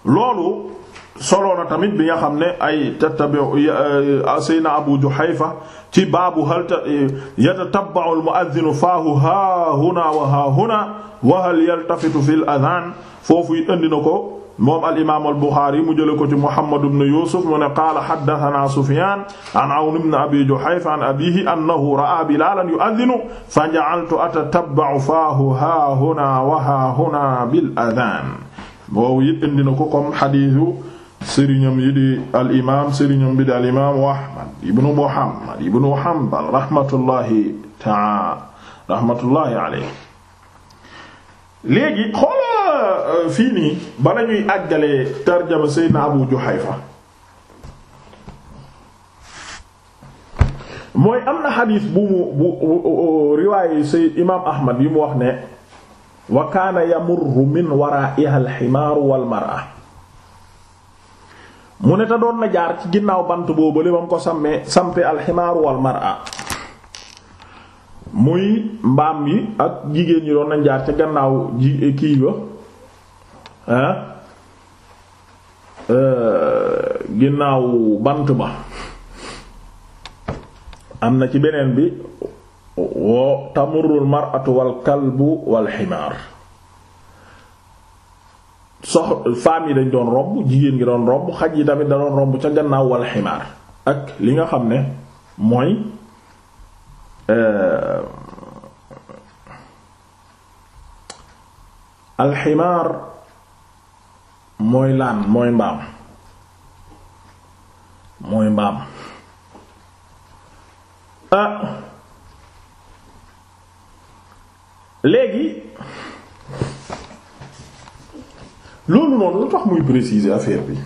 loolu solo na tamit bi nga xam ne ay tattabi'u eh, sayna Abu Juhayfa ci baabu hal eh, yatatabba'u al-mu'adhdhinu faahu haa huna wa haa huna wa hal yaltafitu fil adhaan foofu it andi na ko moom al-imaam al-Buxaari mu jëlee ko ci Muhammad ibn Yuusuf mu ne qaala haddathanaa Sufyaan an Awn ibn Abi Juhayfa an abiihi annahu ra'aa Bilaalan yu'adhdhinu faja'altu atatabba'u faahu haa huna wa haa huna bil adhaan boobu it andi na ko comme hadiisu sëriñam yi di al imaam sëriñam bi di al imaamu muhammad ibnu hanbal rahmatullahi taala rahmatullahi alayhi léegi xoola euh, fii nii bala abu juhayfa mooy am na xadiis bu mu bu riwaaye seyd imaam wax ne wa kaana yamurru min waraa'iha al ximaaru wal mar'a mu ne te doon na jaar ci ginnaaw bant boobu li ba mu ko sammee sampe alximaaru wal mar'a muy mbaam yi ak jigéen ñi doon nañ jaar ci gannaaw ji kii ba ah, eh, ginnaaw bant ba am na ci beneen bi wo tamurul mar'atu wal kalbu wal ximaar sox femmes yi dañ doon romb jigéen gi doon romb xaj yi tamit da doon romb ca gannaaw wal ximaar ak li nga xam ne mooy euh, alximaar mooy laan mooy mbaam mooy mbaam ah. léegi loolu noonu lu tax muy préciser affaire bi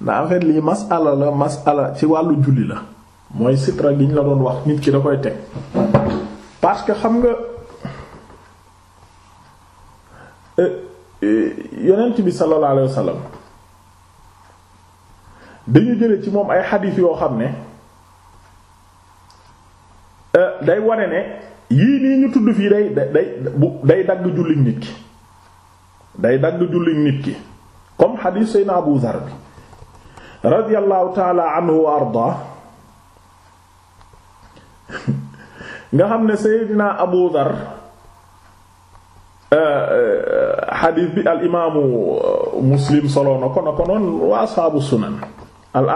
na en lii masala la masala ci wàllu julli la mooy sitra gi ñu la doon wax nit ki da koy teg parce que xam nga euh, euh, yonent bi sallallahu alayhi wasallam dañu jële ci moom ay xadiis yoo xam ne euh, day ware ne yii nii ñu tudd fii day day day dagg julli nit ki day dagg julli nit ki comme xadiis Abu Dhar bi radiyallahu taala anhu wa arda nga xam ne seydina Abu Dhar xadiis euh, euh, bi al euh, Muslim solo na ko na ko noonu waa asxaabu sunan al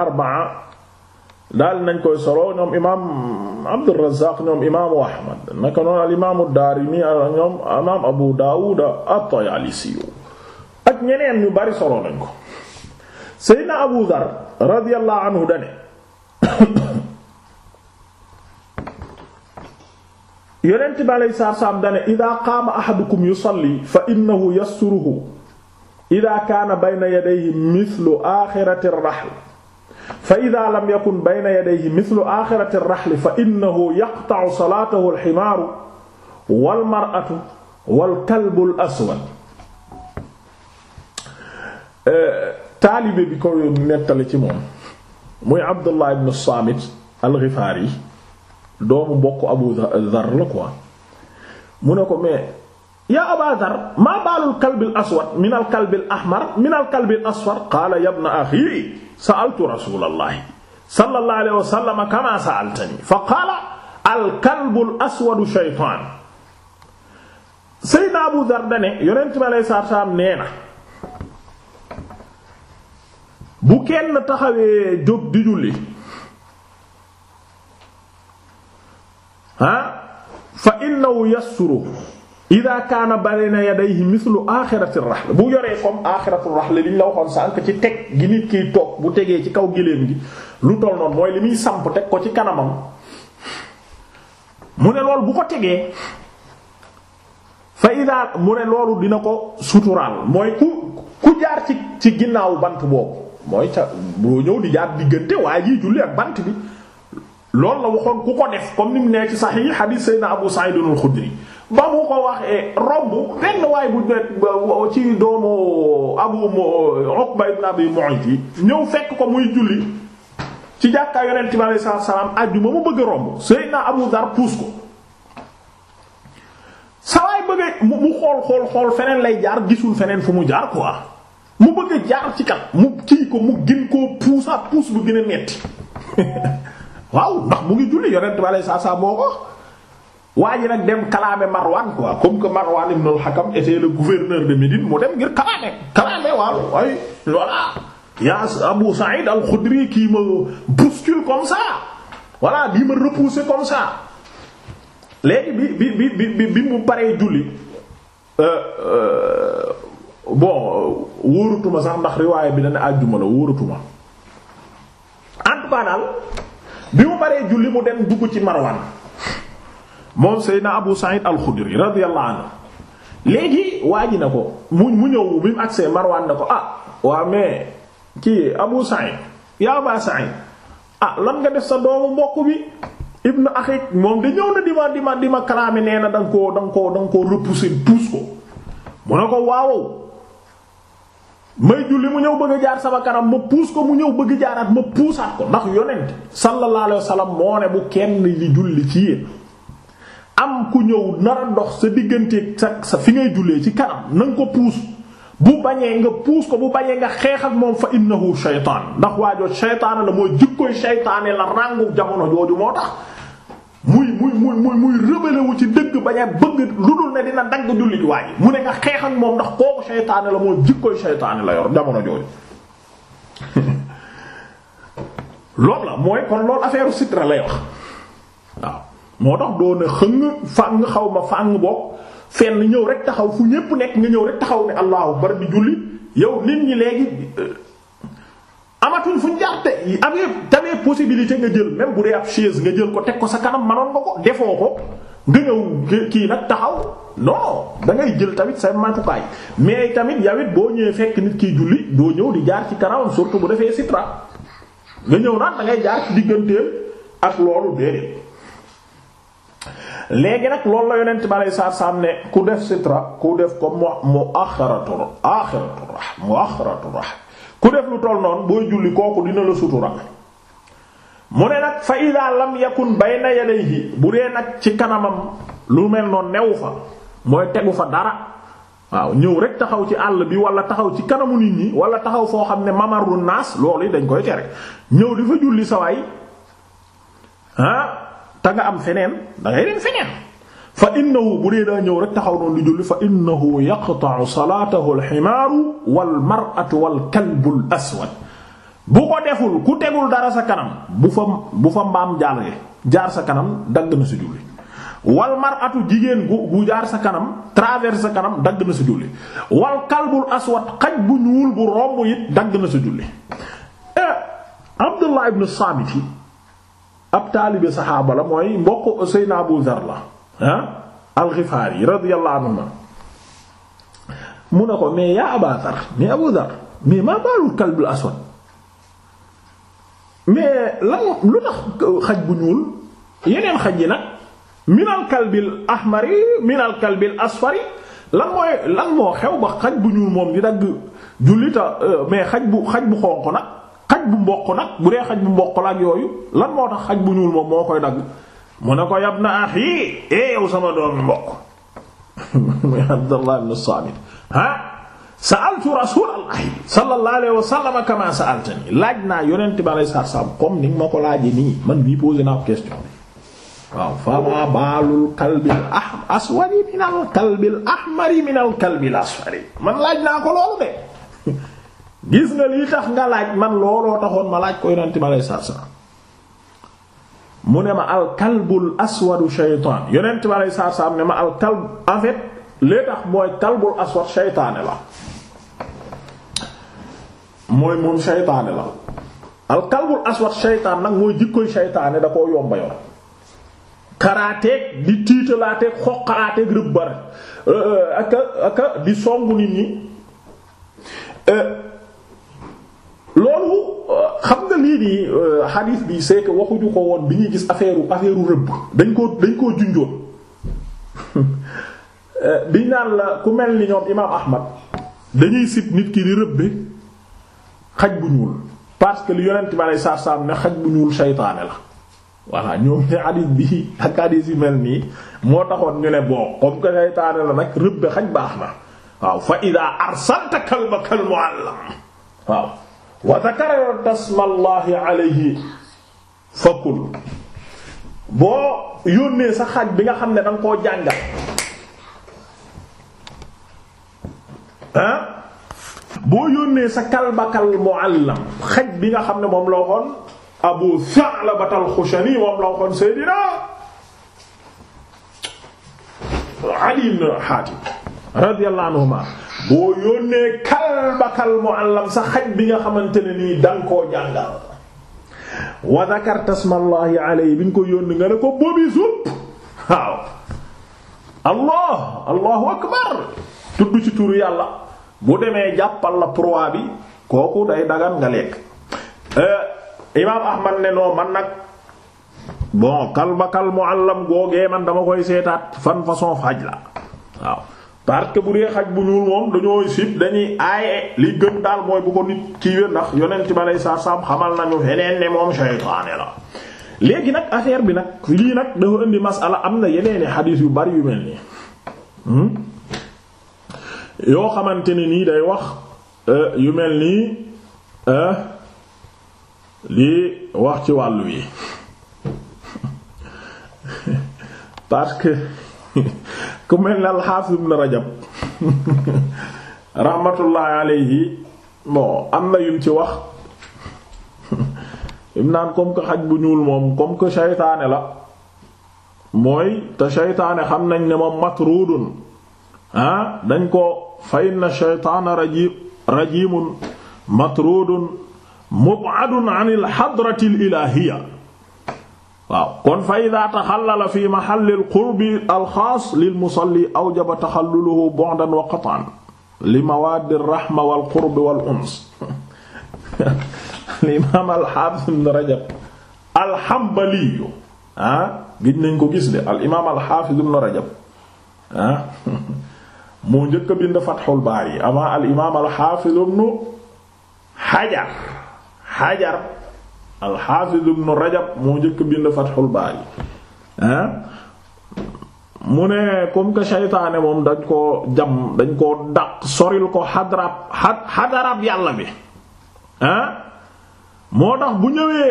daal nañ koy solo ñoom imaam ñoom Abdurrazzaq ñoom imaamu Ahmad naka noonu al imaamu Daarimi ñoom imaam Abu Daawud at-Tayaalisi ak ñeneen ñu bari solo nañ ko Seydina Abu Dhar radiyallahu anhu dane yonent bi alayhi salaatu salaam dane idaa qaama ahadukum yusalli fa innahu yasturuhu idaa kaana bayna yadayhi mithlu aaxirati rahl fa ida lam yakun bayna yadayhi mithlu axirati raxli fa innahu yaqta'u salaatahu alximaaru wal mar'atu wal kalbul aswad taalibe bi ko nettali ci moom muy Abdullah ibn Saamit al-Ghifaari yi doomu bokk Abu Dhar la quoi mu ne ko mais yaa Aba Dhar maa baalul kalbil aswad minal kalbil ahmar minal kalbil asfar qaala yabna axi sa'altu rasulallahi sallallahu alayhi wa sallam kama sa'altani fa qaala al kalbul aswadu shaytaan sayyidina Abu Dharr dane yonent bi alayhi salaatu salaam nee na bu kenn taxawee jóg di julli ha fa innahu yasuru na kaana bayna yadayhi mislu axirati raxl bu yoree comme axiratu raxl li ñu la waxoon sànq ci teg gi nit kiy toog bu tegee ci kaw géléem gi lu toll noonu mooy li muy samp teg ko ci kanamam mu ne loolu bu ko tegee fa mu ne loolu dina ko suturaal mooy ku ku jaar ci ci ginnaawu bant boobu mooy ca boo ñëw di jaar diggante waaye jii julli ak bant bi loolu na waxoon ku ko def comme ni mu nee ci saxiix naa Seydina Abu Saïd al-Xudri ba mu ko waxee romb benn waay bu nekk ci doomu Abu Uqba ibn Abi Mu'ayt yi ñëw fekk ko muy julli ci jàkkaay Yonent bi alayhi salaam àjjuma mu bëgg a romb Seydina Abu Dar puus ko sa waay bëgg mu xool xool xool feneen lay jaar gisul feneen fu mu jaar quoi mu bëgg a jaar ci kat mu kii ko mu gën koo puusaat puus bu gën a metti waaw ndax mu ngi julli Yonent bi alayhi salaatu salaam boo ko waa ji nag dem kalaame Marwan quoi comme que Marwan ibn al-Hakam était le gouverneur de Médine mu dem ngir kalaame kalaame waaw ay voilà yaa Abu Sa'id al-Khudri qui me comme ça voilà bi ma repoussé comme ça léegi bi bi bi bi bi mu paree julli euh, euh, bon wóoratuma sax ndax riwaaya bi dana àjjuma la wóoratuma en tout bi mu paree julli mu dem dugg ci Marwan moom Seydina Abu Sa'id al-Khudri radiyallahu anhu léegi waa ji na ko mu mu ñëw bi mu agsee na ko ah waa mais kii Abu Sa'id yaa Aba Sa'id ah lan nga def sa doomu mbokk bi ibnu axik moom da ñëw na di ma di ma di ma nee na da ko koo da nga koo da koo repousser pousse ko mu ne ko waawow may julli mu ñëw bëgg jaar sama kanam ma pousse ko mu ñëw bëgg jaaraat ma puusaat ko ndax yonent sallallahu alayhi wasallam moo ne bu kenn li julli ci yéen am ku ñëw nar ndox sa diggante sa sa fi ngay jullee ci kanam na nga ko puus bu bañee nga puus ko bu bañee nga xeexal moom fa innahu shaytaan ndax waajoo shaytaana la mooy jikkoy shaytaane la ràngu jamono jooju moo tax muy muy muy muy ci dëgg bañ bëgg lu dul dagg jullit waay mu ne nga xeex moom ndax kooku shaytaane la mooy jikkoy shaytaane la yor jamono jooju loolu la mooy kon loolu affaire sitra lay wax waaw moo tax doon a xëng fàng xaw ma fàng bopp fenn ñëw rek taxaw fu ñépp nekk nga ñëw rek taxaw ne allahu bar bi julli yow nit ñi léegi euh, amatuñ fuñ jarte amee tamee possibilité nga jël même bu dee ab chaise nga jël ko teg ko sa kanam manoon nga ko defoo ko nga ñëw kii nag taxaw non dangay jël tamit sa matukaay mais tamit yow boo ñëwee fekk nit kiy julli doo ñëw di jaar ci kanamam surtout bu defee sitra nga ñëw naan da ngay jaar ci digganteem léegi nag loolu la yonent bi aleyhi salaatu salaam ne ku def sitra ku def ko mu mu axaratu axaratu rax mu axaratu rax ku def lu toll noonu booy julli kooku dina la sutura mu ne nag fa idaa lam yakun bayna yadayhi bu dee nag ci kanamam lu mel noon newu fa mooy tegu fa dara waaw ñëw rek taxaw ci àll bi wala taxaw ci kanamu nit ñi wala taxaw foo xam ne mamaru naas loolu yi dañ koy tere ñëw di fa julli sawaay ah, te nga am feneen da dem feneen fa innahu bu dee daa ñëw rek taxaw noonu lu julli fa innahu yaqta'u salaatahu alximaaru wal mar'atu wal kalbul aswad bu ko deful ku tegul dara sa kanam bu fa bu fa mbaam jaaree jaar sa kanam dagg na sa julli wal mar'atu jigéen gu jaar sa kanam travers sa kanam dagg na sa julli wal kalbul aswad xaj bu ñuul bu romb it dagg na sa julli eh, Abdullah ibn Samit ab taalibe saxaaba la mooy mbokk Seydina Abu Dhar la ah al-Ghifari radiyallahu anhu mu ne ko mais yaa Aba Dhar mais Abu Dhar mais maa baalul kalbul aswad mais lan lu tax xaj bu ñuul yeneen xaj yi nag minal kalbil ahmari minal kalbil asfari lan mooy lan moo xew ba xaj bu ñuul moom di dagg jullita euh, mais xaj bu xaj bu xonq nag xaj bu mboq nag bu dee xaj bu mboq la ak yooyu lan moo tax xaj bu ñuul moom moo koy dagg mu ne ko yab na ax yi eh yow sama doom mboq muy Abdallah ibn Samit ah. sa'altu rasulallahi sallallahu alayhi wa sallam kama sa'altani laaj naa yonent bi alayhi salaam comme ni nga ma ko laajee nii man mii posé naa question waaw fama baalul kalbil ah aswadi minal kalbil ahmari minal kalbil asfari man laaj naa ko loolu de gis nga lii tax nga laaj man looloo taxoon ma laaj ko yonent ma lay saa saa mu ne ma alkalbul aswadu shaytaan yonent ma lay saa saa ne ma alkalb en lee tax mooy kalbul aswad shaytaane la mooy moom shaytaane la alkalbul aswad shaytaan nag mooy jikkoy shaytaane da koo yomba yor karaateeg di tiitalaateeg xoqalaateeg rëbbar euh, euh, aka aka di songu nit ñi euh, xam nga lii nii euh, hadith bi c'est que waxuñu ko woon bi ñuy gis affaire affaire rëbb dañ ko dañ ko junjoon euh, biñ naan la ku mel ni ñoom imaam Ahmad dañuy sib nit ki di rëbbe xaj bu ñuul parce que li yonent bi aleyhi salaatu salaam ne xaj bu ñuul seytaane la voilà ñoom ne hadith bi ak hadith yu mel nii moo taxoon ñu ne bon comme que seytaane la nag rëbbe xaj baax na waaw fa idaa arsalta kalbaka al waaw wa zakara tasmallahi alayhi fakul boo yónnee sa xaaj bi nga xam ne danga koo jàngal ah boo yónnee sa kalbakal muallam xaj bi nga xam ne moom la waxoon abu Sa'labat al-Khushani moom la waxoon Seydina Ali ibn Hatim radiyallahu anhuma boo yónnee kalbakal muallam sa xaj bi nga xamante ne nii danga koo jàngal wa dhakarta ismallahi alayhi bi ñu ko yónni nga ne ko boobi supp waaw allah allahu akbar tudd ci turu yàlla bu demee jàppal la proie bi kooku day dagan nga lekk eh, imaam ahmad ne noo man nag bon kalbakal muallam googee man dama koy seetaat fan façon faj la waaw parce bu dee xaj bu ñuul moom dañoo sib dañuy aaye li gën daal mooy bu ko nit kiiwee ndax yonent ba lay saa xamal nañu feneen ne moom seytaane la léegi nag affaire bi nag lii nag dafa indi masala am na yeneeni xadiis yu bari yu mel hmm? xamante ne nii day wax eh, yu mel nii lii eh, wax ci wàllu yi parce ku mel ne alxaafis ibn rajab rahmatullahi alayhi ci wax im naan comme que xaj bu ñuul moom comme que seytaane la mooy te seytaane xam nañ ne moom matrudun ah, dañ ko fa inna shaytaana raji rajimun matrudun mub'adun anil hadratil ilaahiyya waaw kon fa ida taxallala fi maxalli alqurbi alxaas lilmusalli awjaba taxalluluhu bondan wa qatan li mawaadi rahma walqurbi wal uns limaam alxaafis ibn rajab alxambaliyu ah gis nañ ko gis de alimaam alxaafis ibn rajab ah moo njëkk a bind fatxul baari avant alimaam alxaafis ibn xajar xajar alxaafiz ibnu rajab moo njëkk bind fatxul baari hein mu ne comme que seytaane moom dañ koo jam dañ koo daq soril ko xadarab xadarab yàlla bi moo tax bu ñëwee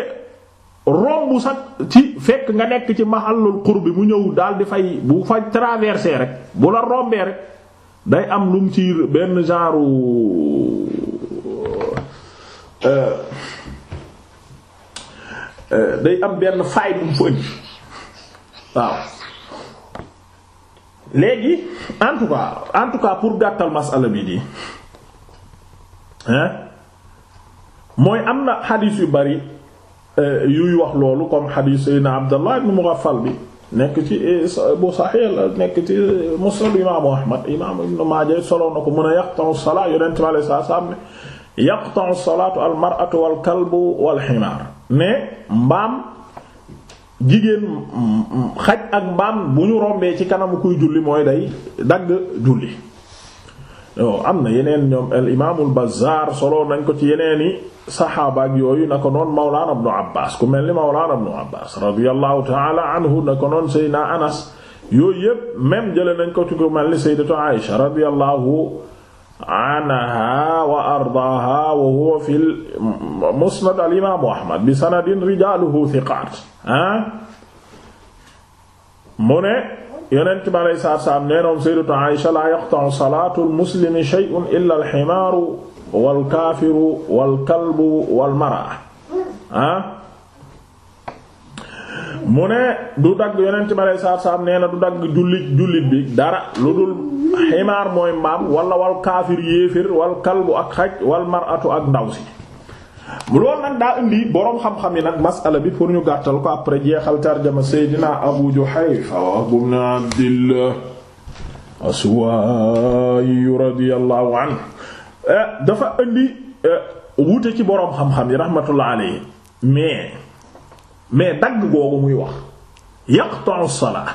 romb sax ci fekk nga nekk ci mahallul qurbi mu ñëw daal di fay bu fa traversé rek bu la rombee rek day am lum ci benn genre euh, Euh, day am benn faay bu mu fa indi waaw en tout tout cas pour gàttal masala bi di hein mooy am na xadiis yu bari euh, yuy wax loolu comme xadiis Seydina Abdallah ibn Mughaffal bi nekk ci eh, bu saxee la nekk ci eh, musnad imaamu Ahmad imaamu Ibn Maaja soloon na ko mun a yaqta'u salaa yonent bi alayhi salaam yaqta'u al mar'atu wal kalbu mais mbaam jigéen xaj ak mbaam bu ñu rombee ci kanamu kuy julli mooy day dagg julli waaw am na yeneen ñoom al imaamul Bazzaar solo nañ ko ci yeneeni saxaaba ak yooyu na ko noon mawlaana ibnu Abbaas ku mel ni mawlaana ibnu Abbaas radiyallahu ta'ala anhu na ko noon Seydina Anas yooyu yépp même jële nañ ko ci ku mel ni Sayyidatu Aïsha radiyallahu anaha wa ardaaha wa huwa fi musnad al imaamu ahmad bi sanadin rijaaluhu thiqaat mu ne yonent bi aleyhi salaatu salaam nee noom sayyidatu Aysha laa yaqta'u salaatu al-muslimi shay'un illa al-himaaru wal kaafiru wal kalbu wal mar'a mu ne du dagg yonent bi aleyhi salaatu salaam nee na du dagg jullit jullit bi dara lu dul ximaar mooy mbaam wala wal kaafir yéefir wal kalbu ak xaj wal maratu ak ndaw si loolu nag daa indi boroom xam-xam yi nag masala bi pour ñu gàttal ko après jeexal tarjama Seydina Abu Juhayfa ibn Abdillah Aswayi radiyallahu anhu eh, dafa indi eh, wuute ci boroom xam-xam yi rahmatullah alayhi mais mais dagg googu muy wax yaqta'u salaa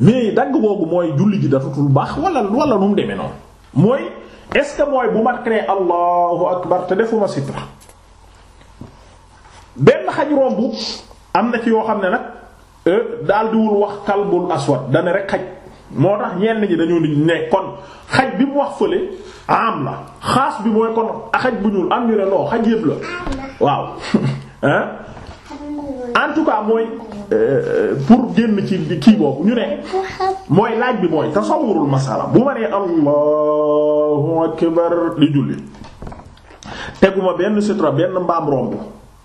mais dagg googu mooy julli ji datutul baax wala wala nu mu demee noonu mooy est mooy bu ma crée allahu akbar te defuma sitra benn xaj romb am na ci yoo xam ne nag euh, daal diwul wax kalbul aswad dana rek xaj moo tax ñenn ñi dañu ne kon xaj bi mu wax fële am la xaas bi mooy kon xaj bu ñuul am ñu ne non xaj yëpp la waaw. en tout cas mooy euh, euh, pour génn ci kii boobu ñu ne mooy laaj bi mooy tasawurul masala bu ma nee allahu akbar di julli teguma benn sutra benn mbaam romb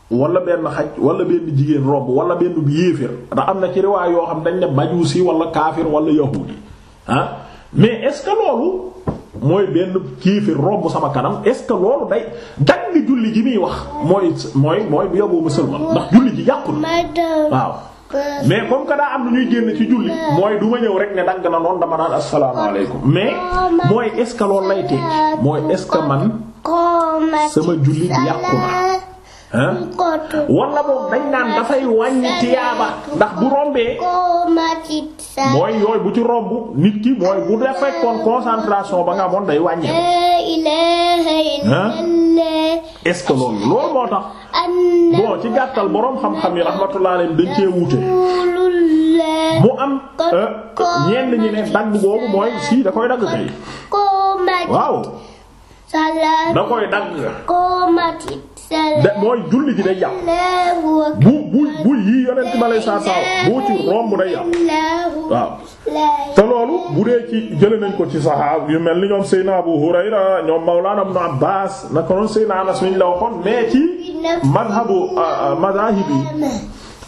wala benn xaj wala benn jigéen romb wala benn bu yéeféer am na ci yoo xam dañ ne majuusi wala kaafir wala yahuudi ah mais est mooy benn kiifir romb sama kanam est ce que loolu day dagg julli ji muy wax mooy mooy mooy bu yoboo ma sëlmal ndax julli ji yàqu na waaw mais comme que daa am lu ñuy génn ci julli mooy du ma ñëw rek ne dagg na lool dama naan asalaamaaleykum mais mooy est ce que loolu lay teg mooy est ce que man sama julli ji yàqu wala moom dañ naan dafay wàññi tiyaaba ndax bu rombee mooy yooyu bu ci romb nit ki mooy bu def fekkoon concentration ba nga amoon day wàññi est-ce que loolu loolu moo tax bon ci gàttal boroom xam-xam yi rahmatullah alayhi dañ cee wuute mu am euh, ñenn ñi ne dagg boobu mooy si da koy dagg kay waaw da koy dagg da mooy julli ji day bu bu bu yii yonent ma ci romb day yàq waaw te loolu bu dee ci jële nañ ko ci saxaab yu mel ni ñoom Seydina Abu Hurayra ñoom Mawlana Ibn Abbas naka noonu Seydina Anas ñu la waxoon mais ci madhabu ah, ah, madahib yi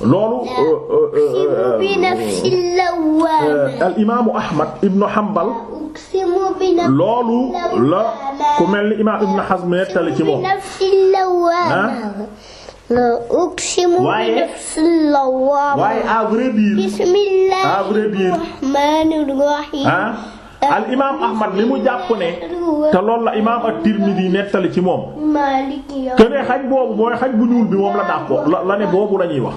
loolu euh, euh, euh, al imaamu Ahmad ibnu Hanbal loolu la ku mel ni imaam Ibn Hazm nettali ci moom waaye waaye à vrai dire à vrai dire ah, al imaam Ahmad li mu jàpp ne te loolu la imaam at-Tirmidhi nettali ci moom te ne xaj boobu mooy xaj bu ñuul bi moom la dàqoo la la ne boobu lañuy wax.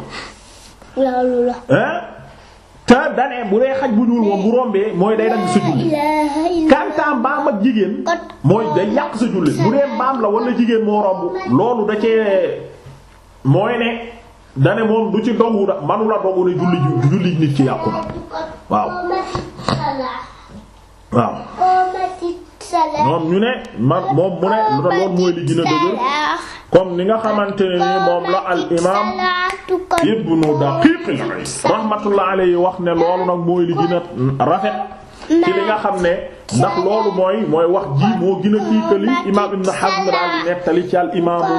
te danee bu dee xaj bu ñuul moom bu rombee mooy day dagg sa julli kantaa mbaam ak jigéen mooy day yàq sa julli bu dee mbaam la wala jigéen moo romb loolu da cee mooy ne dane moom du ci dogu da manu la dogu ne julli julli ci yàqu na waaw waaw ñu ne man moom mu ne loolu mooy li gën a comme ni nga xamante ne ni moom la al imaam ibnu daqiiqil iid rahmatullah alayhi wax ne loolu nag mooy li gën a rafet ci li nga xam ne ndax loolu mooy mooy wax ji moo gën a kiikali imaam ibn Hazm daal di nettali ci al imaamu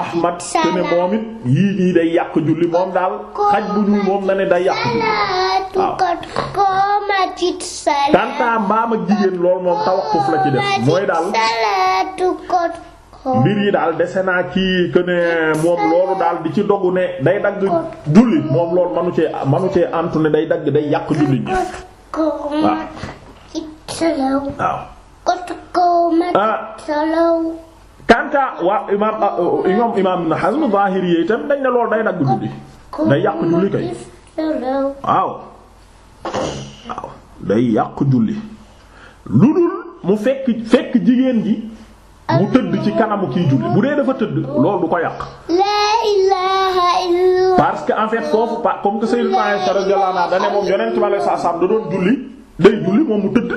Ahmad te ne moom it yii nii day yàq julli moom daal xaj bu ñuul moom na ne day yàq julli moom tawaqquf la ci def mooy daal. mbir yi daal dese naa kii que ne moom loolu daal di ci dogu ne day dagg julli moom loolu manu cee manu cee antu ne day dagg day yàq julli ñi waaw waaw ah. kanta waa imaam imaam ah, oh, imaam Ibn waaw waaw day yàq julli lu dul mu fekk fekk jigéen ji mu tëdd ci kanamu kiy julli bu dee dafa tëdd loolu du ko yàq. parce que en fait foofu pa comme que Sayyidina Aisha radiyallahu anha da ne moom yonent bi saa saam da doon julli day julli moom mu tëdd.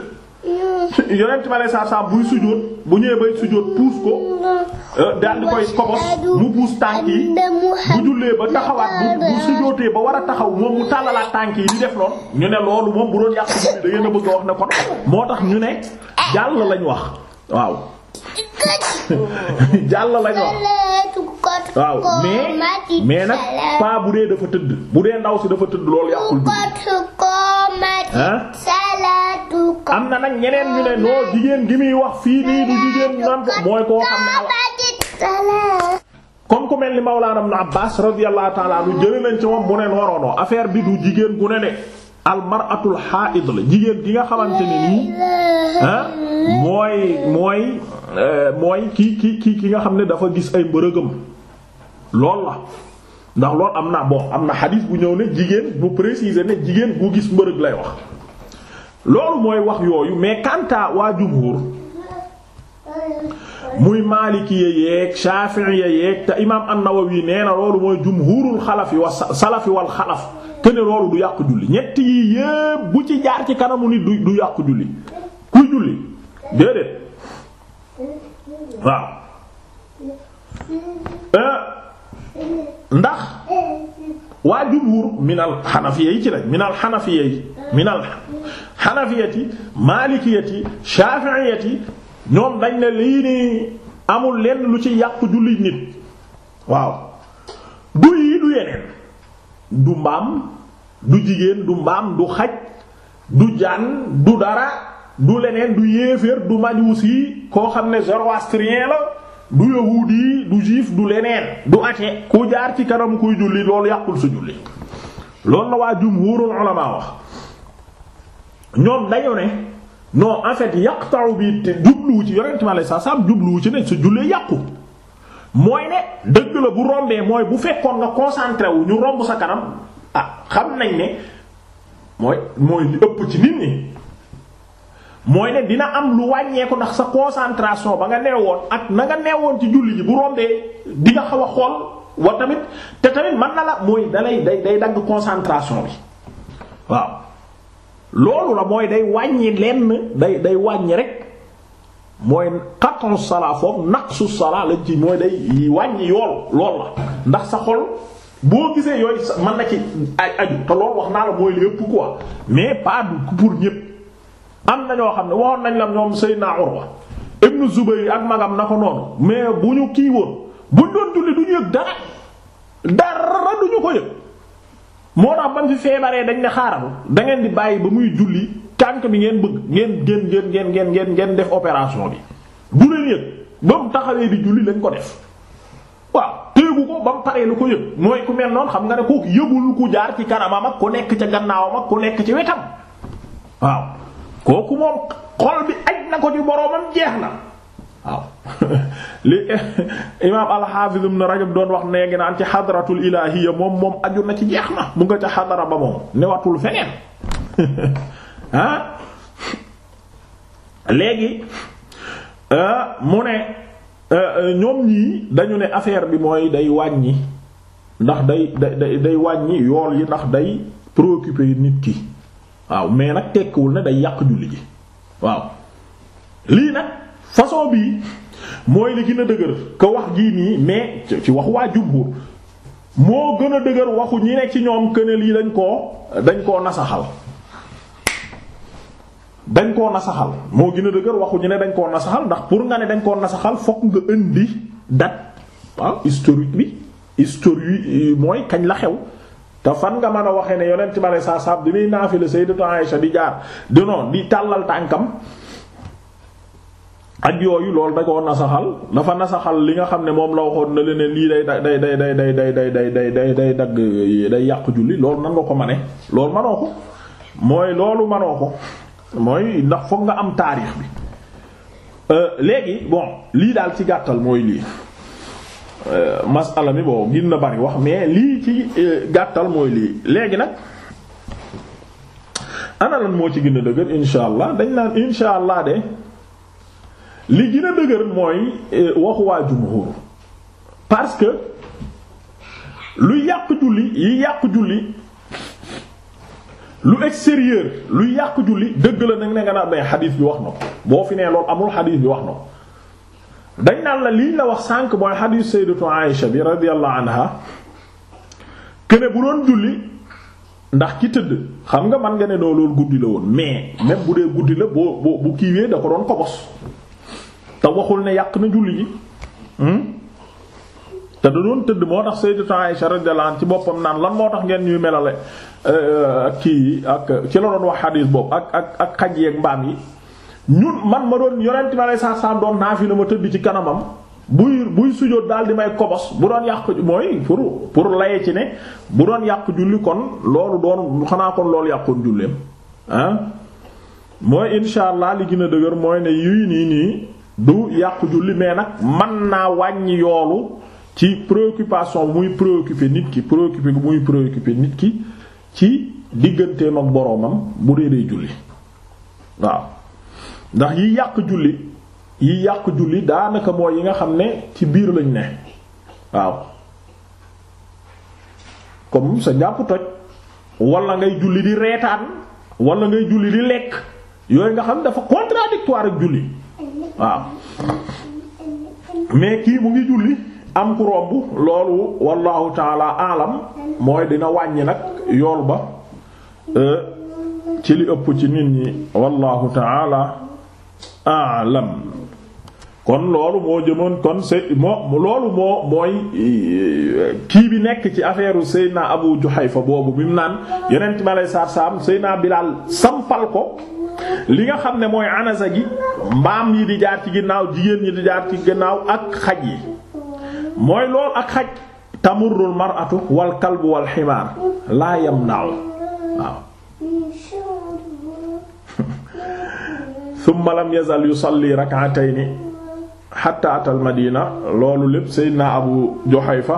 Mm. yonent bi saa saam buy sujjóot bu ñëwee bay sujjóot puus ko mm. euh, daal di koy kobos mu puus tànk yi bu jullee ba taxawaat bu bu sujjóotee ba war a taxaw moom mu tàllalaat tànk yi di def lool ñu ne loolu moom bu doon yàq julli da ngeen bëgg a wax ne kon moo tax ñu ne eh. jàll lañ wax waaw. jàll lañ wax waaw mais mais nag paa bu dee dafa tëdd bu dee ndaw si dafa tëdd loolu yàqul ah am na nag ñeneen ñu ne noo jigéen gi muy wax fii nii du jigéen nan mooy koo xam ne comme ku mel ni Mawlaana Ibn Abbaas radiyallahu ta'ala lu jëlee nañ ci moom mu ne nooroonoo affaire bi du jigéen gu ne ne almaratul xaa'id la jigéen gi nga xamante ne nii mooy mooy Euh, mooy ki ki ki ki nga xam ne dafa gis ay mbërëgam lool la ndax lool am na bon am na xadis bu ñëw ne jigéen bu préciser ne jigéen bu gis mbërëg lay wax loolu mooy wax yooyu mais kanta waa jumhur muy maliki ya yeeg shafi'i ya yeeg te imaam an-Nawawi nee na loolu mooy jumhurul xalafi wa salafi wal xalaf te ne loolu du yàqu julli ñett yi yépp bu ci jaar ci kanamu nit du du yàqu julli kuy julli déedéet waaw euh, ndax waa jumhur minal xanafiya yi ci lañ minal xanafiya yi minal xanafiyati maalikiyati shaafi'iyati ñoom dañ ne lii nii amul lenn lu ci yàqu jullit nit waaw du yii du yeneen du mbaam du jigéen du mbaam du xaj du jaan du dara du leneen du yéeféer du majuusi koo xam ne zoroastrien la du yahuudi du juif du leneen du athée ku jaar ci kanam kuy julli loolu yàqul su julli loolu na waa jumhuurul ulamaa wax ñoom dañu ne non en yàq yaqta'u bi te jubluwu ci yonent mi alayhi salaam jubluwu ci ne su jullee yàqu mooy ne dëgg la bu rombee mooy bu fekkoon nga concentré wu ñu romb sa kanam ah xam nañ ne mooy mooy li ëpp ci nit ñi mooy ne dina am lu wàññeeku ndax sa concentration ba nga neewoon ak na nga neewoon ci julli ji bu rombee di nga xaw a xool wa tamit te tamit mën na la mooy dalay day day dagg concentration bi waaw loolu la mooy day wàññi lenn day day wàññi rek mooy qat'u salaa foofu naqsu salaa lañ ci mooy day wàññi yool lool la ndax sa xol boo gisee yooyu mën na ci aju te loolu wax naa la mooy lépp quoi mais pas pour ñépp am na ñoo xam ne waxoon nañ la ñoom Seydina Urwa ibnu Zubayr ak magam na ko noonu mais bu ñu kii woon buñ doon julli du yëg dara dara du ñu ko yëg moo tax ba feebaree dañ ne xaaral da di bàyyi ba muy julli tànk bi ngeen bëgg ngeen ngeen ngeen ngeen ngeen ngeen ngeen def opération bi du leen yëg ba mu taxawee di julli lañ ko def waaw téegu ko ba mu paree lu ko yëg mooy ku mel noonu xam nga ne kooku yëgul ku jaar ci kanamam ak ku nekk ca gannaawam ak ku nekk ci wetam waaw kooku moom xol bi aj na ko ci boroomam jeex na waaw li imaam alxaafiz ibn rajab doon wax ngi naan ci xadaratul ilaahiya moom moom aju na ci jeex na mu nga ca xadara ba moom newatul feneen ah léegi ah, mu ne ah, ñoom ñii dañu ne affaire bi mooy day wàññi ndax day day day wàññi yool yi ndax day préoccuper nit ki waaw mais nag tekkiwul na day yàq julli ji waaw lii nag façon bii mooy li gën a dëgër que wax gii nii mais ci wax waa jumhur moo gën a dëgër waxu ñi ne ci ñoom que ne dañ koo dañ koo nasaxal dañ koo nasaxal moo gën a dëgër waxu ñu ne dañ koo nasaxal ndax pour nga ne dañ koo nasaxal fokk nga indi date waaw historique bi historique euh, mooy kañ la xew te fan nga mën a waxee ne yonent bi aleyhi salaatu salaam dañuy naafila sayyidatu Aisha di jaar di noonu di tàllal tànkam ak yooyu loolu da koo nasaxal dafa nasaxal li nga xam ne moom la waxoon na leen lii day day day day day day day day day day day dagg day yàq julli loolu nag nga ko mane loolu manoo ko mooy loolu manoo ko mooy ndax foog nga am taarix bi léegi bon lii daal ci gàttal mooy lii Euh, masala mi boo gin na bari wax mais lii ci euh, gàttal mooy lii léegi nag ana moo ci gën a dëgër insha allah dañ naan insha allah de li gën a dëgër mooy euh, waxu waa jumhur parce que lu yàq julli yi yàq julli lu extérieur lu yàq julli dëgg la nag ne nga naan mais xadiis bi wax na ko boo fi nee loolu amul xadiis bi wax na dañ naan la liñ la wax sànq mooy xadiis sayyidatu Aïsha bi radiyallahu anha kene bu doon julli ndax ki tëdd xam nga man nga ne noo loolu guddi la woon mais même bu dee guddi la boo bu kiiwee da ko doon kobos te waxul ne yàq na julli yi hmm? te da doon tëdd moo tax sayyidatu Aïsha radiyallahu anha ci boppam naan lan moo tax ngeen ñuy melale euh, kii yi ak ci la doon wax xadiis boobu ak ak ak xaj yeeg mbaam yi ñu man ma doon yonent ma lay saasaan doon naa fi la ma tëdd ci kanamam buy buy sujjóot daal di may kobos bu doon yàq mooy pour pour laye ci ne bu doon yàq julli kon loolu doon xanaa kon loolu yàqoon julleem ah mooy insha allah li gën a dëgër mooy ne yuy nii nii du yàq julli mais nag man naa wàññi yoolu ci préoccupation muy préoccupé nit ki préoccupé bu muy préoccupé nit ki ci digganteem ak boroomam bu dee dee julli waaw ndax yi yàq julli yi yàq julli daanaka mooy yi nga xam ne ci biir lañ ne waaw comme sa njàpp toj wala ngay julli di reetaan wala ngay julli di lekk yooyu nga xam dafa contradictoire ak julli waaw mais kii mu ngi julli am ku romb loolu wallahu taala alam mooy dina wàññi nag yool ba euh, ci li ëpp ci nit ñi wallahu taala a'lam kon loolu moo jëmoon kon sey moo loolu moo mooy kii bi nekk ci affaire Seydina Abu fa boobu bi mu naan yonent bi alayhi salaatu salaam Seydina Bilaal sampal ko li nga xam ne mooy anasa gi mbaam yi di jaar ci ginnaaw jigéen ñi di jaar ci ginnaaw ak xaj yi mooy loolu ak xaj tamurrul mar'atu wal kalbu wal ximaar laa yamna'u waaw thumma lam yazal yusalli rak'atayni hatta atal madina loolu lépp seydina abu juhayfa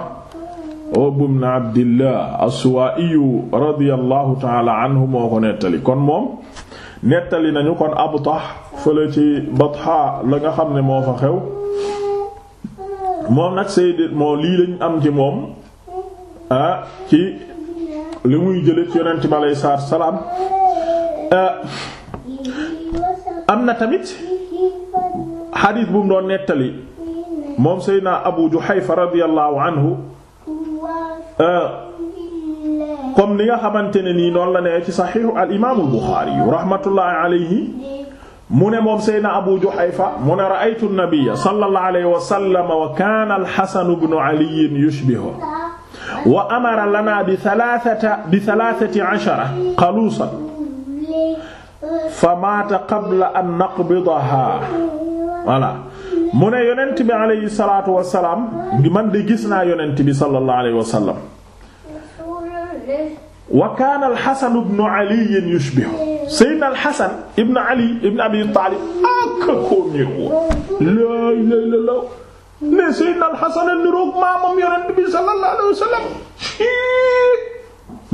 ibn abdillah as-suwaa'i radiyallahu ta'ala anhu moo ko nettali kon moom nettali nañu kon abtah fële ci batha la nga xam ne moo fa xew moom nag seyd moo lii lañ am ci moom ci li muy jële ci yonent bi salaam am na tamit xadiis bu mu doon nettali moom Seydina Abu Juhayfa radiyallahu anhu euh, comme ni nga xamante ne nii noonu la nee ci saxiixu al imaamu al Buxaari rahmatullahi alayhi mu ne moom Seydina Abu Juhayfa mu ne ra'aytu an-nabiyya sallallahu alayhi wa sallam wa kaana al-Hasan ibn Ali yushbihu wa amara lana bi thalathati bi thalathati ashara qalusan fa maata qabla an naqbidaha voilà mu ne yonent bi aleyhi salaatu wasalaam man de gis naa yonent bi sallallahu alayhi wa sallam wa kaana alxasan ibnu aliyin yushbihu seydna alxasan ibnu ali ibnu abi taalib ak koo niroon laa ilaaha illallaah ne seydna alxasan a niroog maamam yonent bi sallallahu alayhi wa sallam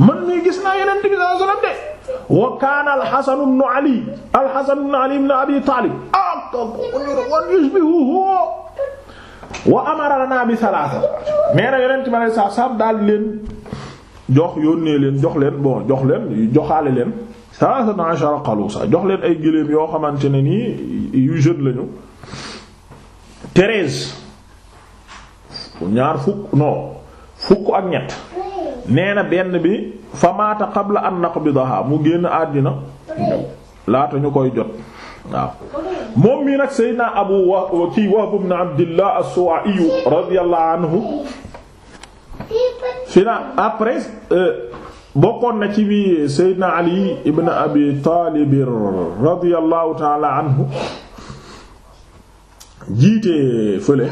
man mii gis naa yonent bi sallallahu alayhi wa sallam de wa kaana alxasan ibnu ali alxasan ibnu ali ibnu abi taalib ak wa yusbihuhu wa amara lana bi salaasa nee na ma ne saa saam daal leen jox yónnee leen jox leen bon jox leen joxaale leen salaasata ashara qaluusa jox leen ay gëléem yoo xamante ne nii yu jeune lañu treize ñaar fukk non fukk ak ñett nee benn bi fa maata qabla an naqbidaha mu génn àddina laata ñu koy jot waaw moom mii nag Seydina Abu Wahb kii Wahb ibn Abdillah as-Suwa'i radiyallahu anhu fina après euh, bokkoon na ci bi Seydina Ali ibn Abi Talib radiyallahu ta'ala anhu jiite fële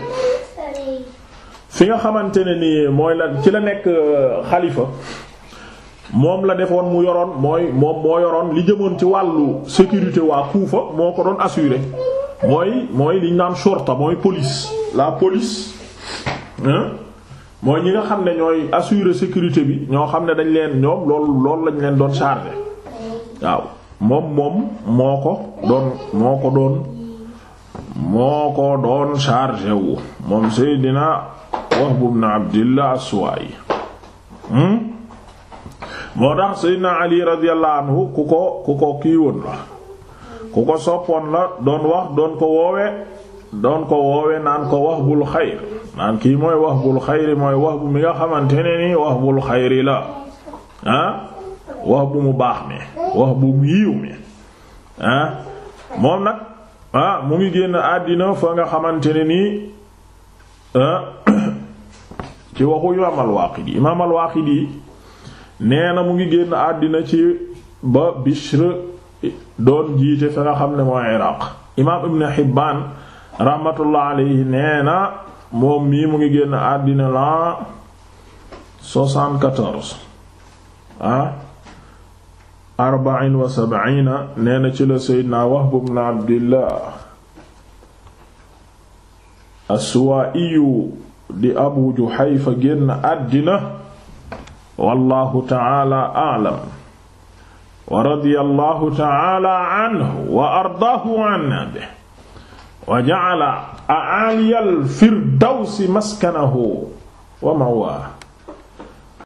fi nga xamante ne nii mooy la ci la nekk euh, xalifa moom la defoon mu yoroon mooy moom moo yoroon li jëmoon ci wàllu sécurité waa Kuufa moo ko doon assuré mooy mooy liñ naan shorta mooy police la police mooy ñi nga xam ne ñooy assurer sécurité bi ñoo xam ne dañ leen ñoom loolu loolu lañ leen doon chargé waaw moom moom moo ko doon moo ko doon moo ko doon chargé wu moom Seydina Wahb ibn Abdillah as-Suwaayi hmm? moo tax Seydina Ali radiyallahu anhu ku ko ku ko kii la ku ko soppoon la doon wax doon ko woowe doon ko woowe naan ko Wahbul Xayr naan kii mooy Wahbul Xayr mooy Wahb mi nga xamante ne nii Wahbul Xayr la ah Wahb mu baax mi Wahb mu yiw mi ah moom nag ah mu ngi génn àddina fa nga xamante ne nii ah, ci waxu imaam al-Waaqidi imaam al-Waaqidi nee na mu ngi génn àddina ci ba Bishr doon jiite fa nga xam ne mooy Iraq imaam Ibn Hibbaan rahmatullah alayhi nee na moom mii mu ngi génn àddina la 74 ah arbain wa sabina nee na ci la Abdillah as-Suwaa'iyu di abu juhayfa génn àddina wallahu taala aalam wa radiyallahu taala anhu wa ardaahu anna bi wa ja'ala a'aliyal firdawsi maskanahu wa mawaa